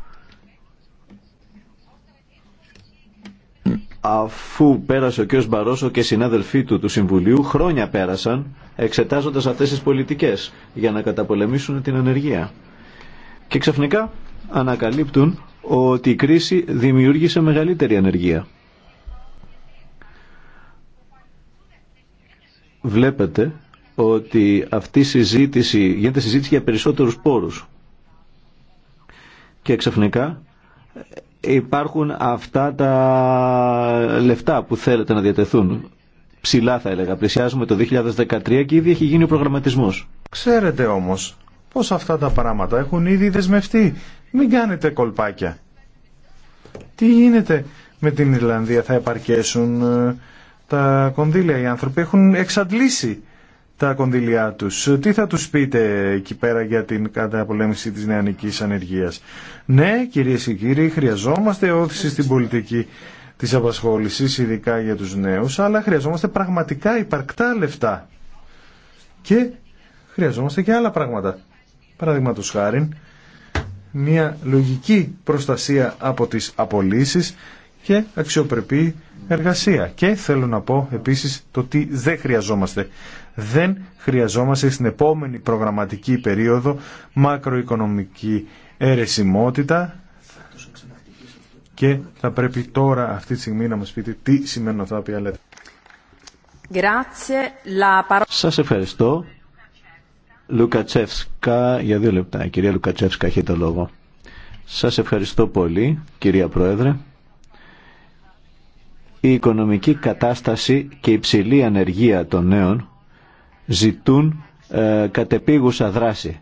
αφού πέρασε ο κ. Μπαρόσο και οι συνάδελφοί του του Συμβουλίου χρόνια πέρασαν εξετάζοντας αυτές τις πολιτικές για να καταπολεμήσουν την ανεργία. Και ξαφνικά ανακαλύπτουν ότι η κρίση δημιούργησε μεγαλύτερη ανεργία. Βλέπετε ότι αυτή η συζήτηση γίνεται συζήτηση για περισσότερους πόρους. Και ξαφνικά υπάρχουν αυτά τα λεφτά που θέλετε να διατεθούν. Ψηλά θα έλεγα, πλησιάζουμε το 2013 και ήδη έχει γίνει ο προγραμματισμός. Ξέρετε όμως πως αυτά τα πράγματα έχουν ήδη δεσμευτεί. Μην κάνετε κολπάκια. Τι γίνεται με την Ιρλανδία, θα επαρκέσουν ε, τα κονδύλια. Οι άνθρωποι έχουν εξαντλήσει τα κονδυλιά τους. Τι θα του πείτε εκεί πέρα για την καταπολέμηση της νεανικής ανεργίας. Ναι, κυρίε και κύριοι, χρειαζόμαστε όθηση στην πολιτική της απασχόληση, ειδικά για τους νέους, αλλά χρειαζόμαστε πραγματικά υπαρκτά λεφτά. Και χρειαζόμαστε και άλλα πράγματα. Παραδείγματο χάρη, μια λογική προστασία από τις απολύσεις και αξιοπρεπή εργασία. Και θέλω να πω επίσης το τι δεν χρειαζόμαστε. Δεν χρειαζόμαστε στην επόμενη προγραμματική περίοδο μακροοικονομική αιρεσιμότητα και θα πρέπει τώρα αυτή τη στιγμή να μας πείτε τι σημαίνουν αυτά που λέτε. Σας ευχαριστώ. Λουκατσεύσκα, για δύο λεπτά. κυρία Λουκατσεύσκα έχει λόγο. Σας ευχαριστώ πολύ, κυρία Πρόεδρε. Η οικονομική κατάσταση και η ψηλή ανεργία των νέων ζητούν ε, κατεπίγουσα δράση.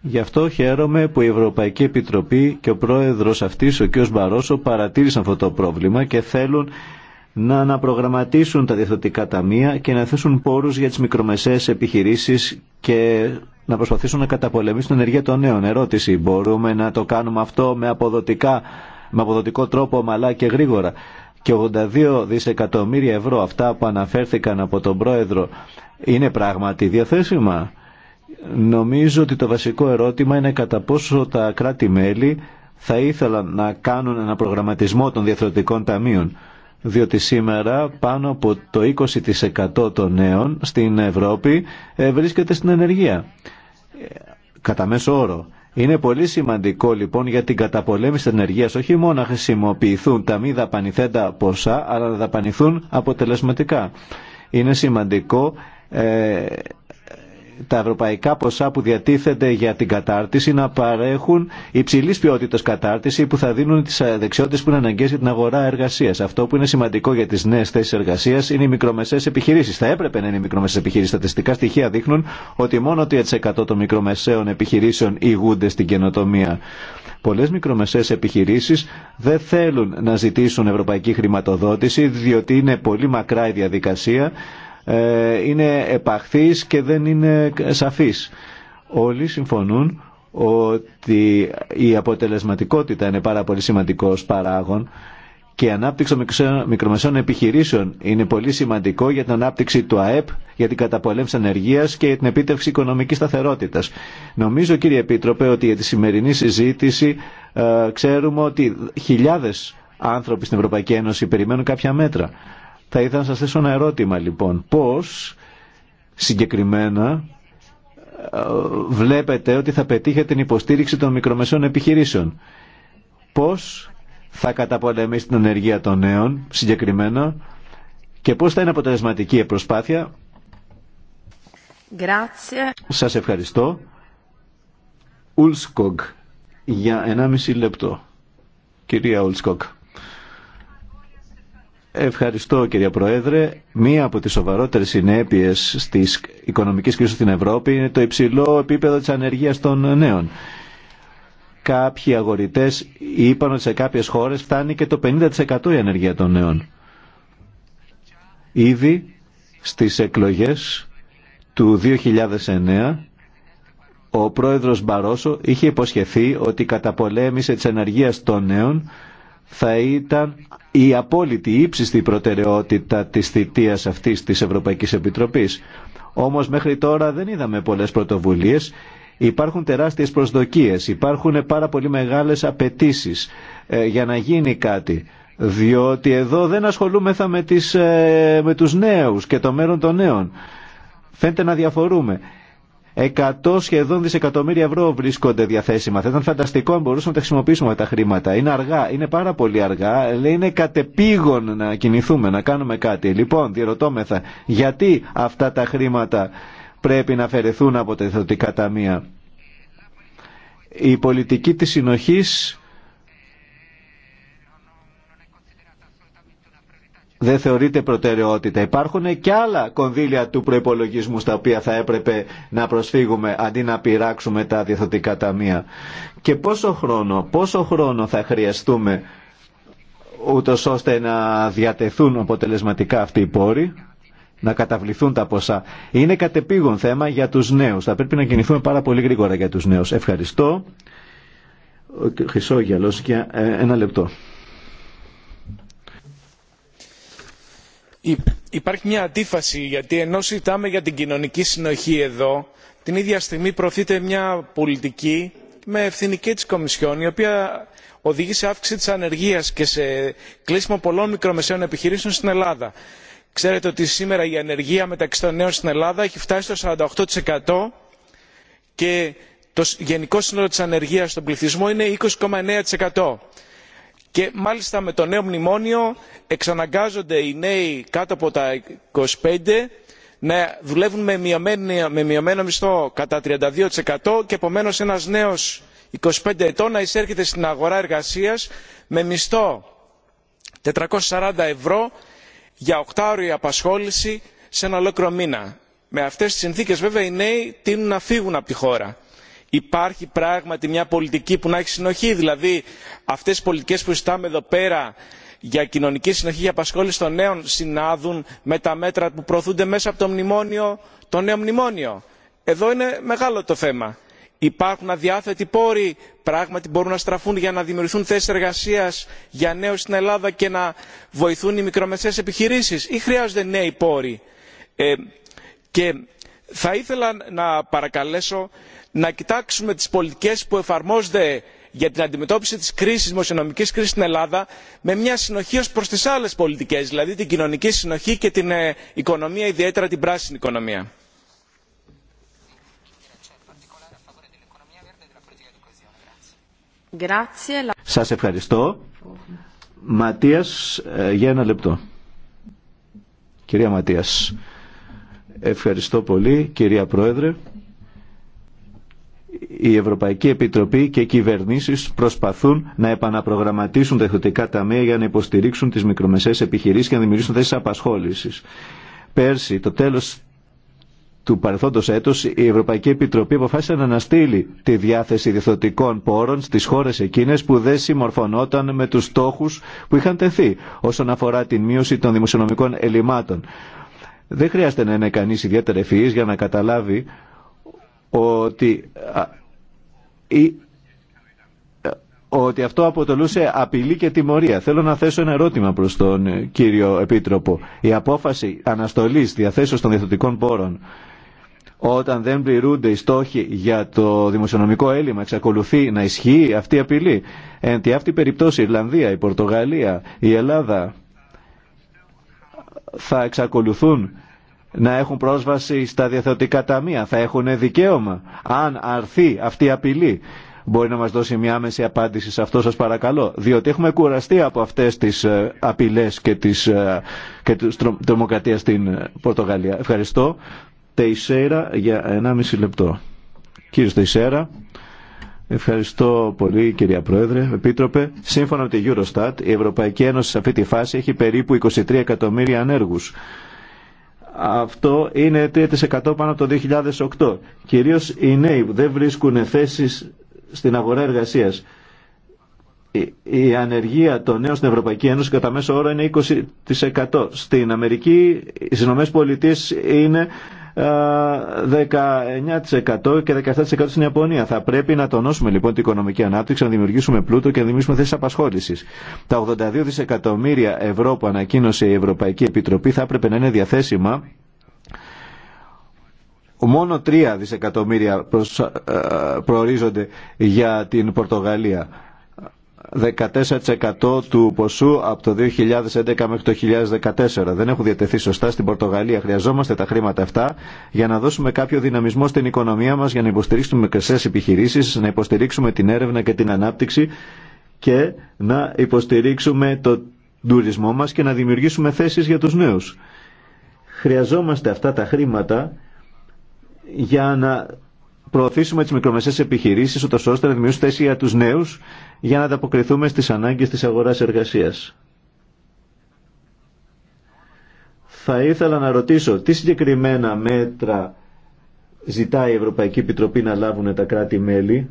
Γι' αυτό χαίρομαι που η Ευρωπαϊκή Επιτροπή και ο πρόεδρος αυτής, ο κ. Μπαρόσο, παρατήρησαν αυτό το πρόβλημα και θέλουν να αναπρογραμματίσουν τα διευθυντικά ταμεία και να θέσουν πόρους για τις μικρομεσαίες επιχειρήσεις και να προσπαθήσουν να καταπολεμήσουν την ενεργεία των νέων. Ερώτηση, μπορούμε να το κάνουμε αυτό με, αποδοτικά, με αποδοτικό τρόπο, ομαλά και γρήγορα και 82 δισεκατομμύρια ευρώ αυτά που αναφέρθηκαν από τον Πρόεδρο είναι πράγματι διαθέσιμα. Νομίζω ότι το βασικό ερώτημα είναι κατά πόσο τα κράτη-μέλη θα ήθελαν να κάνουν ένα προγραμματισμό των διαθροτικών ταμείων διότι σήμερα πάνω από το 20% των νέων στην Ευρώπη ε, βρίσκεται στην ενεργεία ε, κατά μέσο όρο. Είναι πολύ σημαντικό λοιπόν για την καταπολέμηση της ενεργείας όχι μόνο να χρησιμοποιηθούν τα μη δαπανηθέντα ποσά αλλά να δαπανηθούν αποτελεσματικά. Είναι σημαντικό ε, τα ευρωπαϊκά ποσά που διατίθενται για την κατάρτιση να παρέχουν υψηλή ποιότητα κατάρτιση που θα δίνουν τι δεξιότητε που είναι αναγκαίε για την αγορά εργασία. Αυτό που είναι σημαντικό για τι νέε θέσει εργασία είναι οι μικρομεσαίε επιχειρήσει. Θα έπρεπε να είναι οι μικρομεσαίε επιχειρήσει. Στατιστικά στοιχεία δείχνουν ότι μόνο 3% των μικρομεσαίων επιχειρήσεων ηγούνται στην καινοτομία. Πολλέ μικρομεσαίε επιχειρήσει δεν θέλουν να ζητήσουν ευρωπαϊκή χρηματοδότηση διότι είναι πολύ μακρά η διαδικασία ε, είναι επαχθής και δεν είναι σαφής. Όλοι συμφωνούν ότι η αποτελεσματικότητα είναι πάρα πολύ σημαντικός παράγον και η ανάπτυξη των μικρομεσαίων επιχειρήσεων είναι πολύ σημαντικό για την ανάπτυξη του ΑΕΠ, για την καταπολέμηση ανεργία και για την επίτευξη οικονομική σταθερότητα. Νομίζω, κύριε Επίτροπε, ότι για τη σημερινή συζήτηση ε, ξέρουμε ότι χιλιάδε άνθρωποι στην Ευρωπαϊκή Ένωση περιμένουν κάποια μέτρα. Θα ήθελα να σας θέσω ένα ερώτημα λοιπόν. Πώς συγκεκριμένα βλέπετε ότι θα πετύχετε την υποστήριξη των μικρομεσών επιχειρήσεων. Πώς θα καταπολεμήσει την ενεργεία των νέων συγκεκριμένα και πώς θα είναι αποτελεσματική η προσπάθεια. Grazie. Σας ευχαριστώ. Ουλσκογ για 1,5 λεπτό. Κυρία Ουλσκογ. Ευχαριστώ κύριε Πρόεδρε. Μία από τις σοβαρότερες συνέπειες της οικονομική κρίση στην Ευρώπη είναι το υψηλό επίπεδο της ανεργίας των νέων. Κάποιοι αγορητές είπαν ότι σε κάποιες χώρες φτάνει και το 50% η ανεργία των νέων. Ήδη στις εκλογές του 2009 ο πρόεδρος Μπαρόσο είχε υποσχεθεί ότι η καταπολέμηση της των νέων θα ήταν η απόλυτη ύψιστη προτεραιότητα της θητείας αυτής της Ευρωπαϊκής Επιτροπής. Όμως μέχρι τώρα δεν είδαμε πολλές πρωτοβουλίες. Υπάρχουν τεράστιες προσδοκίες, υπάρχουν πάρα πολύ μεγάλες απαιτήσει ε, για να γίνει κάτι. Διότι εδώ δεν ασχολούμεθα με, τις, ε, με τους νέους και το μέλλον των νέων. Φαίνεται να διαφορούμε. 100 σχεδόν δισεκατομμύρια ευρώ βρίσκονται διαθέσιμα. Θα ήταν φανταστικό αν μπορούσαμε να τα χρησιμοποιήσουμε τα χρήματα. Είναι αργά, είναι πάρα πολύ αργά. Λέει είναι κατεπήγον να κινηθούμε, να κάνουμε κάτι. Λοιπόν, διερωτώμεθα, γιατί αυτά τα χρήματα πρέπει να αφαιρεθούν από τα ιδιωτικά ταμεία. Η πολιτική της συνοχής δεν θεωρείται προτεραιότητα. Υπάρχουν και άλλα κονδύλια του προπολογισμού στα οποία θα έπρεπε να προσφύγουμε αντί να πειράξουμε τα διεθνωτικά ταμεία. Και πόσο χρόνο, πόσο χρόνο θα χρειαστούμε ούτως ώστε να διατεθούν αποτελεσματικά αυτοί οι πόροι, να καταβληθούν τα ποσά. Είναι κατεπήγον θέμα για τους νέους. Θα πρέπει να κινηθούμε πάρα πολύ γρήγορα για τους νέους. Ευχαριστώ. για ε, ένα λεπτό. υπάρχει μια αντίφαση γιατί ενώ συζητάμε για την κοινωνική συνοχή εδώ την ίδια στιγμή προωθείται μια πολιτική με ευθυνική της κομισιόν η οποία οδηγεί σε αύξηση της ανεργίας και σε κλείσιμο πολλών μικρομεσαίων επιχειρήσεων στην ελλάδα. ξέρετε ότι σήμερα η ανεργία μεταξύ των νέων στην ελλάδα έχει φτάσει στο 48% και το γενικό σύνολο της ανεργίας στον πληθυσμό είναι 20,9% και μάλιστα με το νέο μνημόνιο εξαναγκάζονται οι νέοι κάτω από τα 25 να δουλεύουν με μειωμένο μισθό κατά 32% και επομένως ένας νέος 25 ετών να εισέρχεται στην αγορά εργασίας με μισθό 440 ευρώ για οκτάωρη απασχόληση σε ένα ολόκληρο μήνα. Με αυτές τις συνθήκες βέβαια οι νέοι τείνουν να φύγουν από τη χώρα υπάρχει πράγματι μια πολιτική που να έχει συνοχή δηλαδή αυτές οι πολιτικές που συζητάμε εδώ πέρα για κοινωνική συνοχή για απασχόληση των νέων συνάδουν με τα μέτρα που προωθούνται μέσα από το, νέο μνημόνιο. εδώ είναι μεγάλο το θέμα. υπάρχουν αδιάθετοι πόροι πράγματι μπορούν να στραφούν για να δημιουργηθούν θέσεις εργασίας για νέους στην ελλάδα και να βοηθούν οι μικρομεσαίες επιχειρήσεις ή χρειάζονται νέοι πόροι. Ε, και θα ήθελα να παρακαλέσω να κοιτάξουμε τις πολιτικές που εφαρμόζονται για την αντιμετώπιση της κρίσης, δημοσιονομικής κρίσης στην Ελλάδα με μια συνοχή ως προς τις άλλες πολιτικές, δηλαδή την κοινωνική συνοχή και την ε, οικονομία, ιδιαίτερα την πράσινη οικονομία. Σας ευχαριστώ. Ματίας, ε, για ένα λεπτό. Κυρία Ματίας. Ευχαριστώ πολύ κυρία Πρόεδρε. Η Ευρωπαϊκή Επιτροπή και οι κυβερνήσεις προσπαθούν να επαναπρογραμματίσουν τα εθνικά ταμεία για να υποστηρίξουν τις μικρομεσαίες επιχειρήσεις και να δημιουργήσουν θέσεις απασχόλησης. Πέρσι, το τέλος του παρελθόντος έτους η Ευρωπαϊκή Επιτροπή αποφάσισε να αναστείλει τη διάθεση διεθνωτικών πόρων στις χώρες εκείνες που δεν συμμορφωνόταν με τους στόχους που είχαν τεθεί όσον αφορά την μείωση των δημοσιονομικών ελλημάτων. Δεν χρειάζεται να είναι κανείς ιδιαίτερα ευφυής για να καταλάβει ότι, ότι αυτό αποτελούσε απειλή και τιμωρία. Θέλω να θέσω ένα ερώτημα προς τον κύριο Επίτροπο. Η απόφαση αναστολής διαθέσεως των διευθυντικών πόρων όταν δεν πληρούνται οι στόχοι για το δημοσιονομικό έλλειμμα, εξακολουθεί να ισχύει αυτή η απειλή. Εν τη αυτή περιπτώσει η Ιρλανδία, η Πορτογαλία, η Ελλάδα θα εξακολουθούν να έχουν πρόσβαση στα διαθεωτικά ταμεία, θα έχουν δικαίωμα, αν αρθεί αυτή η απειλή. Μπορεί να μας δώσει μια άμεση απάντηση σε αυτό σας παρακαλώ, διότι έχουμε κουραστεί από αυτές τις ε, απειλές και, τις, ε, και τρομοκρατίας στην ε, Πορτογαλία. Ευχαριστώ. Τεϊσέρα για 1,5 λεπτό. Κύριε Τεϊσέρα. Ευχαριστώ πολύ κυρία Πρόεδρε. Επίτροπε, σύμφωνα με τη Eurostat, η Ευρωπαϊκή Ένωση σε αυτή τη φάση έχει περίπου 23 εκατομμύρια ανέργους. Αυτό είναι 3% πάνω από το 2008. Κυρίως οι νέοι δεν βρίσκουν θέσεις στην αγορά εργασίας η ανεργία των νέων στην Ευρωπαϊκή Ένωση κατά μέσο όρο είναι 20%. Στην Αμερική, οι Ηνωμένε Πολιτείε είναι 19% και 17% στην Ιαπωνία. Θα πρέπει να τονώσουμε λοιπόν την οικονομική ανάπτυξη, να δημιουργήσουμε πλούτο και να δημιουργήσουμε θέσει απασχόληση. Τα 82 δισεκατομμύρια ευρώ που ανακοίνωσε η Ευρωπαϊκή Επιτροπή θα έπρεπε να είναι διαθέσιμα μόνο 3 δισεκατομμύρια προορίζονται για την Πορτογαλία. 14% του ποσού από το 2011 μέχρι το 2014. Δεν έχουν διατεθεί σωστά στην Πορτογαλία. Χρειαζόμαστε τα χρήματα αυτά για να δώσουμε κάποιο δυναμισμό στην οικονομία μας, για να υποστηρίξουμε μικρές επιχειρήσεις, να υποστηρίξουμε την έρευνα και την ανάπτυξη και να υποστηρίξουμε το τουρισμό μας και να δημιουργήσουμε θέσεις για τους νέους. Χρειαζόμαστε αυτά τα χρήματα για να προωθήσουμε τι μικρομεσαίε επιχειρήσει, ούτω ώστε να δημιουργήσουμε θέση για του νέου για να ανταποκριθούμε στι ανάγκε τη αγορά εργασία. Θα ήθελα να ρωτήσω τι συγκεκριμένα μέτρα ζητάει η Ευρωπαϊκή Επιτροπή να λάβουν τα κράτη-μέλη.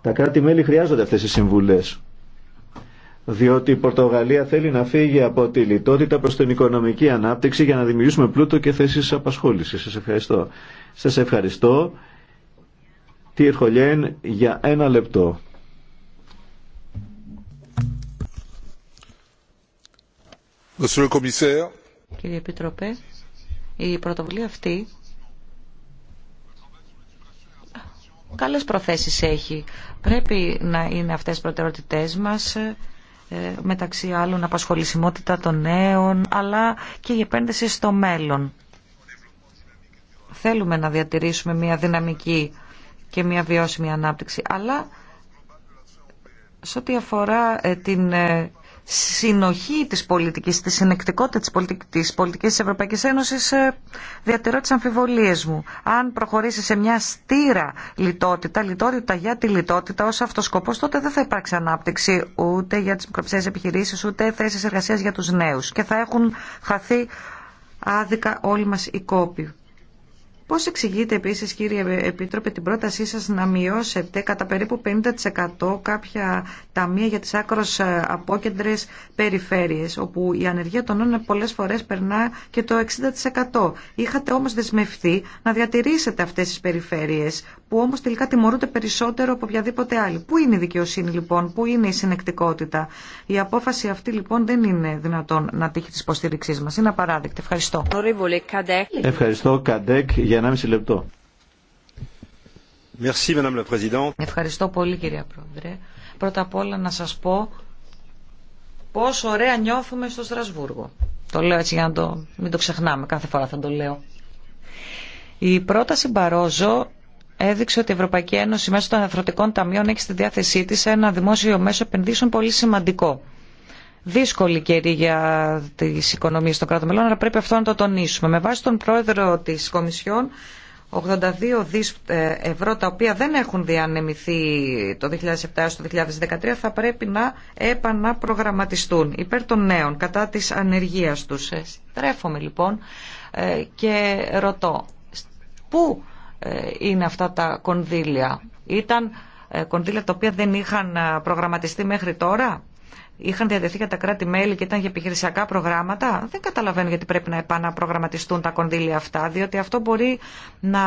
Τα κράτη-μέλη χρειάζονται αυτές τις συμβουλές διότι η Πορτογαλία θέλει να φύγει από τη λιτότητα προς την οικονομική ανάπτυξη για να δημιουργήσουμε πλούτο και θέσεις απασχόλησης. Σας ευχαριστώ. Σας ευχαριστώ. Τι ερχολέν για ένα λεπτό. Κύριε Επιτροπέ, η πρωτοβουλία αυτή καλές προθέσεις έχει. Πρέπει να είναι αυτές οι προτεραιότητές μας ε, μεταξύ άλλων απασχολησιμότητα των νέων, αλλά και η επένδυση στο μέλλον. Θέλουμε να διατηρήσουμε μια δυναμική και μια βιώσιμη ανάπτυξη, αλλά σε ό,τι αφορά ε, την ε, συνοχή της πολιτικής, τη συνεκτικότητα της πολιτικής, της πολιτικής της Ευρωπαϊκής Ένωσης ε, διατηρώ τις αμφιβολίες μου. Αν προχωρήσει σε μια στήρα λιτότητα, λιτότητα για τη λιτότητα ως αυτός σκοπός, τότε δεν θα υπάρξει ανάπτυξη ούτε για τις μικροψηφίες επιχειρήσεις, ούτε θέσεις εργασίας για τους νέους και θα έχουν χαθεί άδικα όλοι μας οι κόποι. Πώς εξηγείτε επίσης κύριε Επίτροπε την πρότασή σας να μειώσετε κατά περίπου 50% κάποια ταμεία για τις άκρος ε, απόκεντρες περιφέρειες όπου η ανεργία των νόμων πολλές φορές περνά και το 60%. Είχατε όμως δεσμευτεί να διατηρήσετε αυτές τις περιφέρειες που όμως τελικά τιμωρούνται περισσότερο από οποιαδήποτε άλλη. Πού είναι η δικαιοσύνη λοιπόν, πού είναι η συνεκτικότητα. Η απόφαση αυτή λοιπόν δεν είναι δυνατόν να τύχει τη υποστήριξή μας. Είναι απαράδεκτη. Ευχαριστώ. Ευχαριστώ Καντέκ για Ευχαριστώ πολύ κυρία Πρόεδρε. Πρώτα απ' όλα να σας πω πόσο ωραία νιώθουμε στο Στρασβούργο. Το λέω έτσι για να μην το ξεχνάμε, κάθε φορά θα το λέω. Η πρόταση Μπαρόζο έδειξε ότι η Ευρωπαϊκή Ένωση μέσω των Αναθρωτικών Ταμείων έχει στη διάθεσή της ένα δημόσιο μέσο επενδύσεων πολύ σημαντικό δύσκολη καιρή για τις οικονομίες των κράτων μελών, αλλά πρέπει αυτό να το τονίσουμε. Με βάση τον πρόεδρο της Κομισιόν, 82 δις ε, ευρώ τα οποία δεν έχουν διανεμηθεί το 2007 στο 2013 θα πρέπει να επαναπρογραμματιστούν υπέρ των νέων κατά της ανεργίας τους. Ε, Τρέφομαι λοιπόν ε, και ρωτώ πού είναι αυτά τα κονδύλια. Ήταν κονδύλια τα οποία δεν είχαν προγραμματιστεί μέχρι τώρα είχαν διατεθεί για τα κράτη-μέλη και ήταν για επιχειρησιακά προγράμματα, δεν καταλαβαίνω γιατί πρέπει να επαναπρογραμματιστούν τα κονδύλια αυτά, διότι αυτό μπορεί να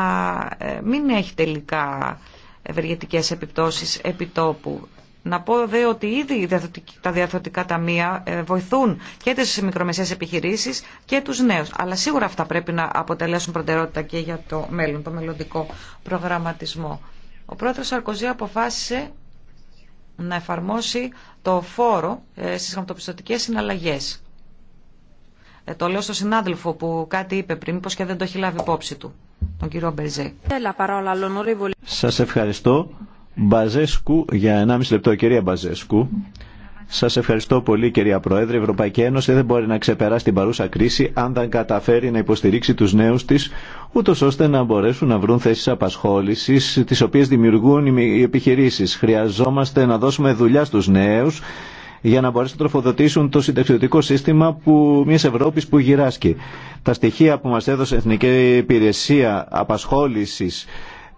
ε, μην έχει τελικά ευεργετικές επιπτώσεις επιτόπου. Να πω δε ότι ήδη τα διαθωτικά ταμεία ε, βοηθούν και τι μικρομεσαίε επιχειρήσει και του νέου. Αλλά σίγουρα αυτά πρέπει να αποτελέσουν προτεραιότητα και για το μέλλον, το μελλοντικό προγραμματισμό. Ο πρόεδρος Σαρκοζή αποφάσισε να εφαρμόσει το φόρο ε, στις χρηματοπιστωτικές συναλλαγές. Ε, το λέω στον συνάδελφο που κάτι είπε πριν, μήπως και δεν το έχει λάβει υπόψη του, τον κύριο Μπεζέ. Σας ευχαριστώ. Μπαζέσκου για 1,5 λεπτό, κυρία Μπαζέσκου. Σας ευχαριστώ πολύ κυρία Πρόεδρε. Η Ευρωπαϊκή Ένωση δεν μπορεί να ξεπεράσει την παρούσα κρίση αν δεν καταφέρει να υποστηρίξει τους νέους της, ούτω ώστε να μπορέσουν να βρουν θέσεις απασχόλησης, τις οποίες δημιουργούν οι επιχειρήσεις. Χρειαζόμαστε να δώσουμε δουλειά στους νέους για να μπορέσουν να τροφοδοτήσουν το συνταξιδοτικό σύστημα που, μιας Ευρώπης που γυράσκει. Τα στοιχεία που μας έδωσε η Εθνική Υπηρεσία Απασχόλησης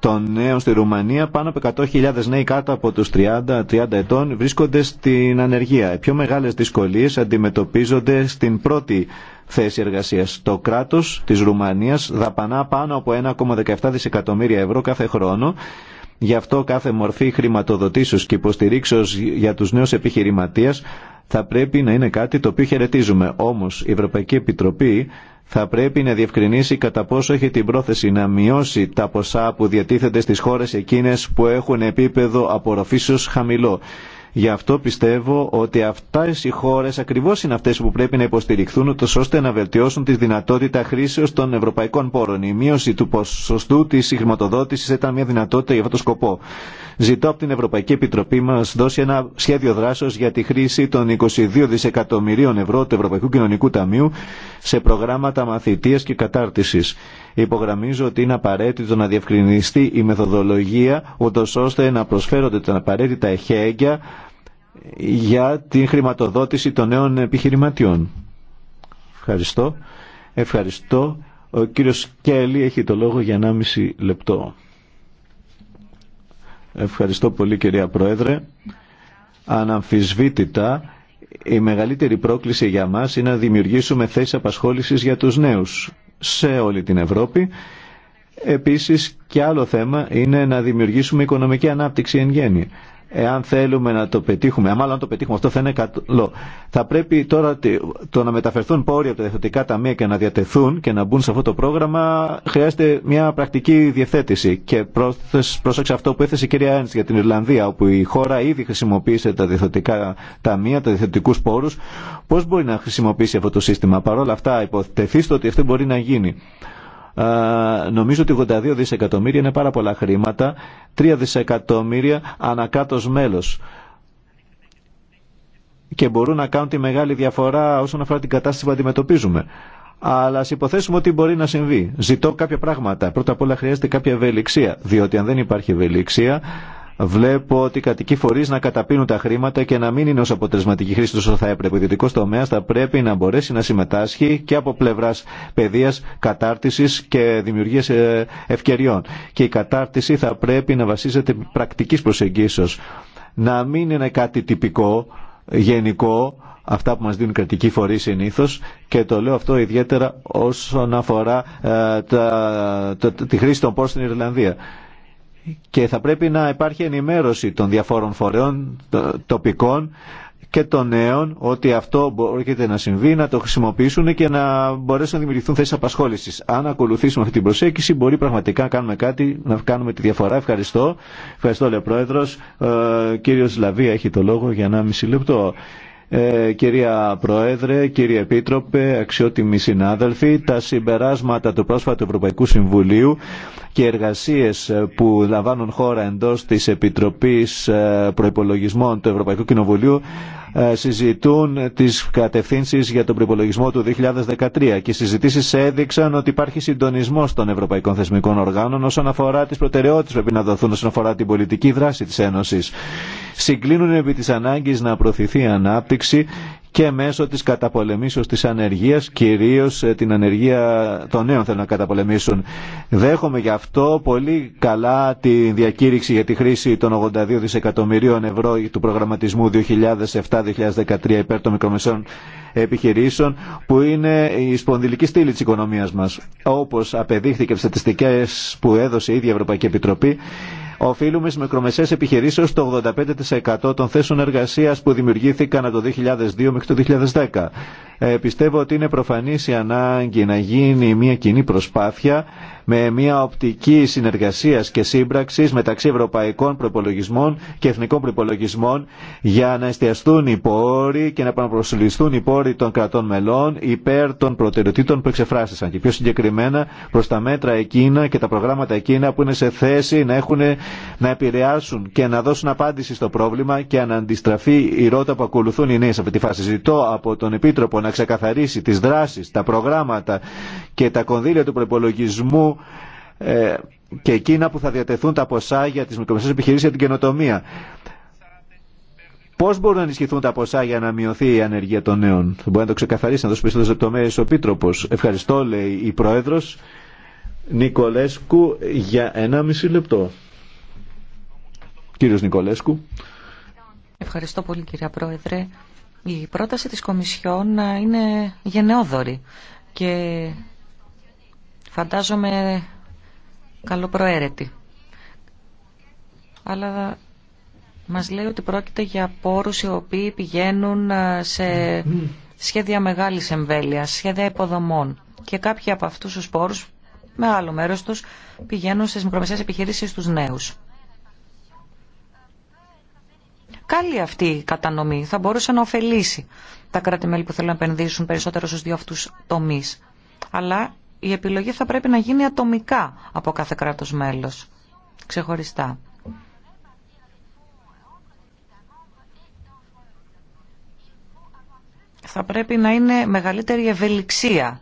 των νέων στη Ρουμανία, πάνω από 100.000 νέοι κάτω από τους 30-30 ετών βρίσκονται στην ανεργία. Οι πιο μεγάλες δυσκολίες αντιμετωπίζονται στην πρώτη θέση εργασίας. Το κράτος της Ρουμανίας δαπανά πάνω από 1,17 δισεκατομμύρια ευρώ κάθε χρόνο Γι' αυτό κάθε μορφή χρηματοδοτήσεως και υποστηρίξεως για τους νέους επιχειρηματίες θα πρέπει να είναι κάτι το οποίο χαιρετίζουμε. Όμως η Ευρωπαϊκή Επιτροπή θα πρέπει να διευκρινίσει κατά πόσο έχει την πρόθεση να μειώσει τα ποσά που διατίθεται στις χώρες εκείνες που έχουν επίπεδο απορροφήσεως χαμηλό Γι' αυτό πιστεύω ότι αυτέ οι χώρε ακριβώ είναι αυτέ που πρέπει να υποστηριχθούν ούτως ώστε να βελτιώσουν τη δυνατότητα χρήσεω των ευρωπαϊκών πόρων. Η μείωση του ποσοστού τη χρηματοδότηση ήταν μια δυνατότητα για αυτό το σκοπό. Ζητώ από την Ευρωπαϊκή Επιτροπή μας δώσει ένα σχέδιο δράσεω για τη χρήση των 22 δισεκατομμυρίων ευρώ του Ευρωπαϊκού Κοινωνικού Ταμείου σε προγράμματα μαθητείας και κατάρτιση. Υπογραμμίζω ότι είναι απαραίτητο να διευκρινιστεί η μεθοδολογία, ούτω ώστε να προσφέρονται τα απαραίτητα εχέγγια για την χρηματοδότηση των νέων επιχειρηματιών. Ευχαριστώ. Ευχαριστώ. Ο κύριος Κέλλη έχει το λόγο για 1,5 λεπτό. Ευχαριστώ πολύ κυρία Πρόεδρε. Αναμφισβήτητα η μεγαλύτερη πρόκληση για μας είναι να δημιουργήσουμε θέσεις απασχόλησης για τους νέους σε όλη την Ευρώπη. Επίσης και άλλο θέμα είναι να δημιουργήσουμε οικονομική ανάπτυξη εν γέννη εάν θέλουμε να το πετύχουμε, μάλλον το πετύχουμε αυτό θα είναι καλό. Θα πρέπει τώρα το να μεταφερθούν πόροι από τα διευθυντικά ταμεία και να διατεθούν και να μπουν σε αυτό το πρόγραμμα χρειάζεται μια πρακτική διευθέτηση. Και πρόσεξε αυτό που έθεσε η κυρία Ένστ για την Ιρλανδία, όπου η χώρα ήδη χρησιμοποίησε τα διευθυντικά ταμεία, τα διευθυντικού πόρου. Πώ μπορεί να χρησιμοποιήσει αυτό το σύστημα. παρόλα αυτά, στο ότι αυτό μπορεί να γίνει νομίζω ότι 82 δισεκατομμύρια είναι πάρα πολλά χρήματα, 3 δισεκατομμύρια ανακάτως μέλος και μπορούν να κάνουν τη μεγάλη διαφορά όσον αφορά την κατάσταση που αντιμετωπίζουμε. Αλλά α υποθέσουμε ότι μπορεί να συμβεί. Ζητώ κάποια πράγματα. Πρώτα απ' όλα χρειάζεται κάποια ευελιξία. Διότι αν δεν υπάρχει ευελιξία, βλέπω ότι οι κατοικοί φορεί να καταπίνουν τα χρήματα και να μην είναι ω αποτελεσματική χρήση του όσο θα έπρεπε. Ο ιδιωτικό τομέα θα πρέπει να μπορέσει να συμμετάσχει και από πλευρά παιδεία, κατάρτιση και δημιουργία ε, ευκαιριών. Και η κατάρτιση θα πρέπει να βασίζεται πρακτική προσεγγίσεω. Να μην είναι κάτι τυπικό, γενικό, αυτά που μας δίνουν κρατικοί φορείς συνήθω και το λέω αυτό ιδιαίτερα όσον αφορά ε, τα, τη χρήση των πόρων στην Ιρλανδία και θα πρέπει να υπάρχει ενημέρωση των διαφόρων φορέων τοπικών και των νέων ότι αυτό μπορείτε να συμβεί, να το χρησιμοποιήσουν και να μπορέσουν να δημιουργηθούν θέσει απασχόληση. Αν ακολουθήσουμε αυτή την προσέγγιση, μπορεί πραγματικά να κάνουμε κάτι, να κάνουμε τη διαφορά. Ευχαριστώ. Ευχαριστώ, λέει ο Πρόεδρο. Ε, κύριο Λαβία έχει το λόγο για 1,5 λεπτό. Ε, κυρία Προέδρε, κύριε Επίτροπε, αξιότιμοι συνάδελφοι, τα συμπεράσματα του πρόσφατου Ευρωπαϊκού Συμβουλίου και εργασίες που λαμβάνουν χώρα εντός της Επιτροπής ε, Προϋπολογισμών του Ευρωπαϊκού Κοινοβουλίου ε, συζητούν τις κατευθύνσεις για τον προπολογισμό του 2013 και οι συζητήσεις έδειξαν ότι υπάρχει συντονισμός των ευρωπαϊκών θεσμικών οργάνων όσον αφορά τις προτεραιότητες που πρέπει να δοθούν όσον αφορά την πολιτική δράση της Ένωσης. Συγκλίνουν επί της ανάγκης να προωθηθεί η ανάπτυξη και μέσω της καταπολεμήσεως της ανεργίας, κυρίως ε, την ανεργία των νέων θέλουν να καταπολεμήσουν. Δέχομαι γι' αυτό πολύ καλά τη διακήρυξη για τη χρήση των 82 δισεκατομμυρίων ευρώ του προγραμματισμού 2007-2013 υπέρ των μικρομεσών επιχειρήσεων που είναι η σπονδυλική στήλη της οικονομίας μας. Όπως απεδείχθηκε από στατιστικές που έδωσε η ίδια Ευρωπαϊκή Επιτροπή, οφείλουμε στι μικρομεσαίε επιχειρήσει το 85% των θέσεων εργασία που δημιουργήθηκαν από το 2002 μέχρι το 2010. Ε, πιστεύω ότι είναι προφανή η ανάγκη να γίνει μια κοινή προσπάθεια με μια οπτική συνεργασία και σύμπραξη μεταξύ ευρωπαϊκών προπολογισμών και εθνικών προπολογισμών για να εστιαστούν οι πόροι και να επαναπροσελιστούν οι πόροι των κρατών μελών υπέρ των προτεραιοτήτων που εξεφράστησαν και πιο συγκεκριμένα προ τα μέτρα εκείνα και τα προγράμματα εκείνα που είναι σε θέση να, έχουν, να επηρεάσουν και να δώσουν απάντηση στο πρόβλημα και να αντιστραφεί η ρότα που ακολουθούν οι νέε σε αυτή τη φάση. Ζητώ από τον Επίτροπο να ξεκαθαρίσει τι δράσει, τα προγράμματα και τα κονδύλια του προπολογισμού ε, και εκείνα που θα διατεθούν τα ποσά για τις μικρομεσαίες επιχειρήσεις για την καινοτομία. Πώ μπορούν να ενισχυθούν τα ποσά για να μειωθεί η ανεργία των νέων. Μπορεί να το ξεκαθαρίσει, να δώσει περισσότερε λεπτομέρειε ο Επίτροπο. Ευχαριστώ, λέει η Πρόεδρο Νικολέσκου, για ένα μισή λεπτό. Κύριος Νικολέσκου. Ευχαριστώ πολύ, κυρία Πρόεδρε. Η πρόταση της Κομισιόν είναι γενναιόδορη και Φαντάζομαι καλοπροαίρετη. Αλλά μας λέει ότι πρόκειται για πόρους οι οποίοι πηγαίνουν ε, σε σχέδια μεγάλης εμβέλειας, σχέδια υποδομών. Και κάποιοι από αυτούς τους πόρους, με άλλο μέρος τους, πηγαίνουν στις μικρομεσαίες επιχειρήσεις τους νέους. Καλή αυτή η κατανομή. Θα μπορούσε να ωφελήσει τα κράτη-μέλη που θέλουν να επενδύσουν περισσότερο στους δύο αυτούς τομείς. Αλλά η επιλογή θα πρέπει να γίνει ατομικά από κάθε κράτος μέλος, ξεχωριστά. Θα πρέπει να είναι μεγαλύτερη ευελιξία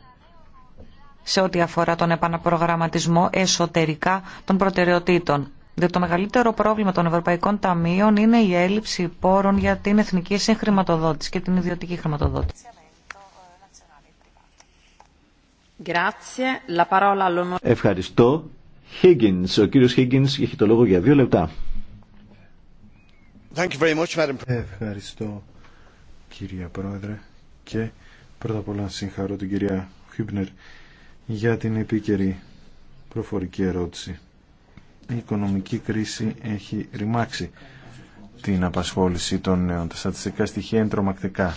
σε ό,τι αφορά τον επαναπρογραμματισμό εσωτερικά των προτεραιοτήτων. Διότι το μεγαλύτερο πρόβλημα των Ευρωπαϊκών Ταμείων είναι η έλλειψη πόρων για την εθνική συγχρηματοδότηση και την ιδιωτική χρηματοδότηση. Ευχαριστώ. Higgins, ο κύριος Higgins έχει το λόγο για δύο λεπτά. Ευχαριστώ κύριε Πρόεδρε και πρώτα απ' όλα συγχαρώ την κυρία Χίπνερ για την επίκαιρη προφορική ερώτηση. Η οικονομική κρίση έχει ρημάξει την απασχόληση των νέων. Τα στατιστικά στοιχεία είναι τρομακτικά.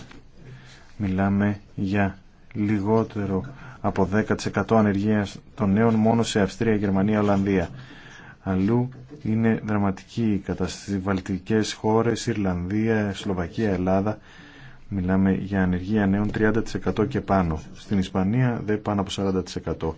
Μιλάμε για λιγότερο από 10% ανεργία των νέων μόνο σε Αυστρία, Γερμανία, Ολλανδία. Αλλού είναι δραματική η κατάσταση. Βαλτικέ χώρες, Ιρλανδία, Σλοβακία, Ελλάδα. Μιλάμε για ανεργία νέων 30% και πάνω. Στην Ισπανία δεν πάνω από 40%.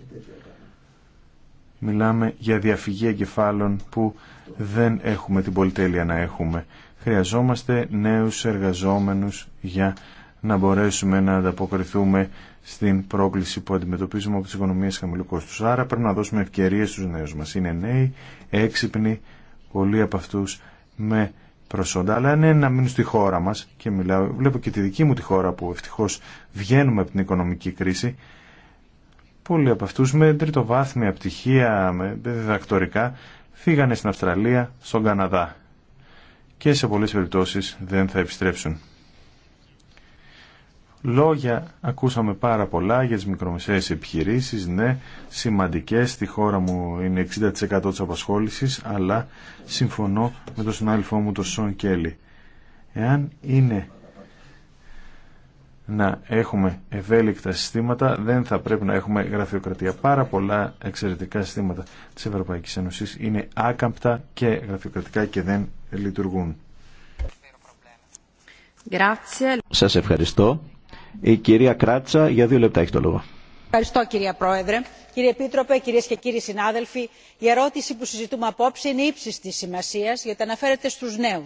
Μιλάμε για διαφυγή εγκεφάλων που δεν έχουμε την πολυτέλεια να έχουμε. Χρειαζόμαστε νέους εργαζόμενους για να μπορέσουμε να ανταποκριθούμε στην πρόκληση που αντιμετωπίζουμε από τι οικονομίε χαμηλού κόστου. Άρα πρέπει να δώσουμε ευκαιρίε στους νέου μα. Είναι νέοι, έξυπνοι, πολλοί από αυτού με προσόντα, αλλά είναι να μείνουν στη χώρα μα και μιλάω, βλέπω και τη δική μου τη χώρα που ευτυχώ βγαίνουμε από την οικονομική κρίση, πολλοί από αυτού με τριτοβάθμια πτυχία, με διδακτορικά, φύγανε στην Αυστραλία, στον Καναδά και σε πολλέ περιπτώσει δεν θα επιστρέψουν. Λόγια ακούσαμε πάρα πολλά για τις μικρομεσαίες επιχειρήσεις, ναι, σημαντικές, στη χώρα μου είναι 60% της απασχόλησης, αλλά συμφωνώ με τον συνάδελφό μου τον Σον Κέλλη. Εάν είναι να έχουμε ευέλικτα συστήματα, δεν θα πρέπει να έχουμε γραφειοκρατία. Πάρα πολλά εξαιρετικά συστήματα της Ευρωπαϊκής Ένωσης είναι άκαμπτα και γραφειοκρατικά και δεν λειτουργούν. Σας ευχαριστώ. Η κυρία Κράτσα για δύο λεπτά έχει το λόγο. Ευχαριστώ, κυρία Πρόεδρε. Κύριε Επίτροπε, κυρίες και κύριοι συνάδελφοι, η ερώτηση που συζητούμε απόψε είναι ύψιστη σημασία σημασίας γιατί αναφέρεται στου νέου,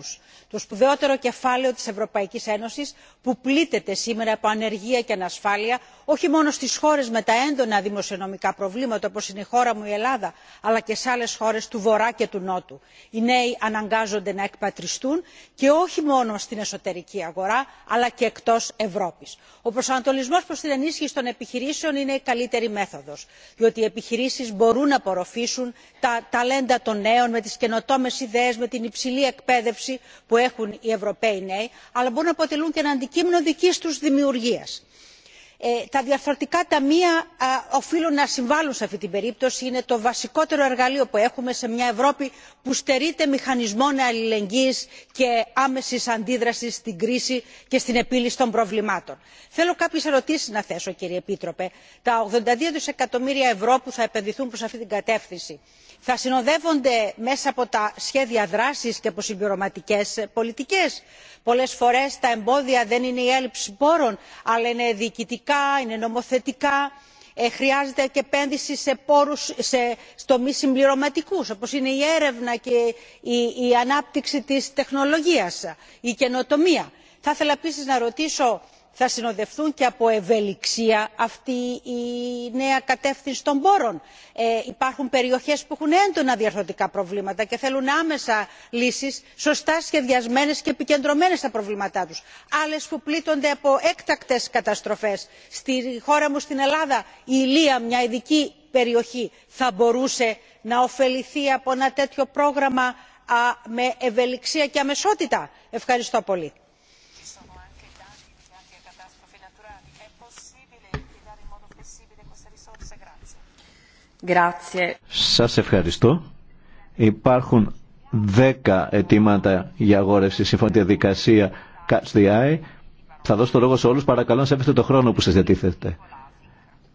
το σπουδαιότερο κεφάλαιο τη Ευρωπαϊκή Ένωση, που πλήττεται σήμερα από ανεργία και ανασφάλεια όχι μόνο στι χώρε με τα έντονα δημοσιονομικά προβλήματα όπω είναι η χώρα μου η Ελλάδα αλλά και σε άλλε χώρε του Βορρά και του Νότου. Οι νέοι αναγκάζονται να εκπατριστούν και όχι μόνο στην εσωτερική αγορά αλλά και εκτό Ευρώπη. Ο προσανατολισμός προ την ενίσχυση των επιχειρήσεων είναι η καλύτερη μέθοδος διότι οι επιχειρήσεις μπορούν να απορροφήσουν τα ταλέντα των νέων με τις καινοτόμες ιδέες με την υψηλή εκπαίδευση που έχουν οι ευρωπαίοι νέοι αλλά μπορούν να αποτελούν και ένα αντικείμενο δικής τους δημιουργίας. Ε, τα διαφορετικά ταμεία οφείλουν να συμβάλλουν σε αυτή την περίπτωση είναι το βασικότερο εργαλείο που έχουμε σε μια ευρώπη που στερείται μηχανισμών αλληλεγγύης και άμεσης αντίδρασης στην κρίση και στην επίλυση των προβλημάτων. θέλω κάποιες ερωτήσεις να θέσω κύριε επίτροπε. τα 82 δισεκατομμύρια ευρώ που θα επενδυθούν προς αυτή την κατεύθυνση θα συνοδεύονται μέσα από τα σχέδια δράσης και από συμπληρωματικές πολιτικές. πολλές φορές τα εμπόδια δεν είναι η έλλειψη πόρων αλλά είναι διοικητικά είναι νομοθετικά ε, χρειάζεται και επένδυση σε τομείς συμπληρωματικούς όπως είναι η έρευνα και η ανάπτυξη της τεχνολογίας η καινοτομία. θα ήθελα επίσης να ρωτήσω θα συνοδευτούν και από ευελιξία αυτή η νέα κατεύθυνση των πόρων. Ε, υπάρχουν περιοχές που έχουν έντονα διαρθρωτικά προβλήματα και θέλουν άμεσα λύσεις σωστά σχεδιασμένες και επικεντρωμένες στα προβλήματά τους. άλλες που πλήττονται από έκτακτες καταστροφές. στη χώρα μου στην ελλάδα η ηλία μια ειδική περιοχή θα μπορούσε να ωφεληθεί από ένα τέτοιο πρόγραμμα με ευελιξία και αμεσότητα. ευχαριστώ πολύ. Σας ευχαριστώ. Υπάρχουν δέκα αιτήματα για αγόρευση σύμφωνα τη διαδικασία Catch the Eye. Θα δώσω το λόγο σε όλους. Παρακαλώ να σέβεστε το χρόνο που σας διατίθεται.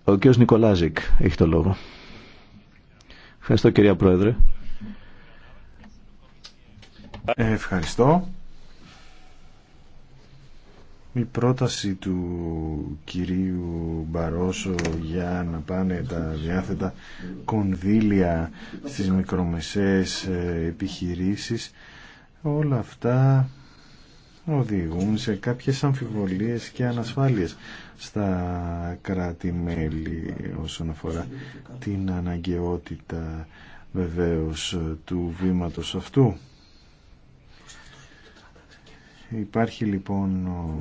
Ο κ. Νικολάζικ έχει το λόγο. Ευχαριστώ κυρία Πρόεδρε. Ευχαριστώ. Η πρόταση του κυρίου Μπαρόσο για να πάνε τα διάθετα κονδύλια στις μικρομεσαίες ε, επιχειρήσεις όλα αυτά οδηγούν σε κάποιες αμφιβολίες και ανασφάλειες στα κράτη-μέλη όσον αφορά την αναγκαιότητα βεβαίως του βήματος αυτού. Υπάρχει λοιπόν ο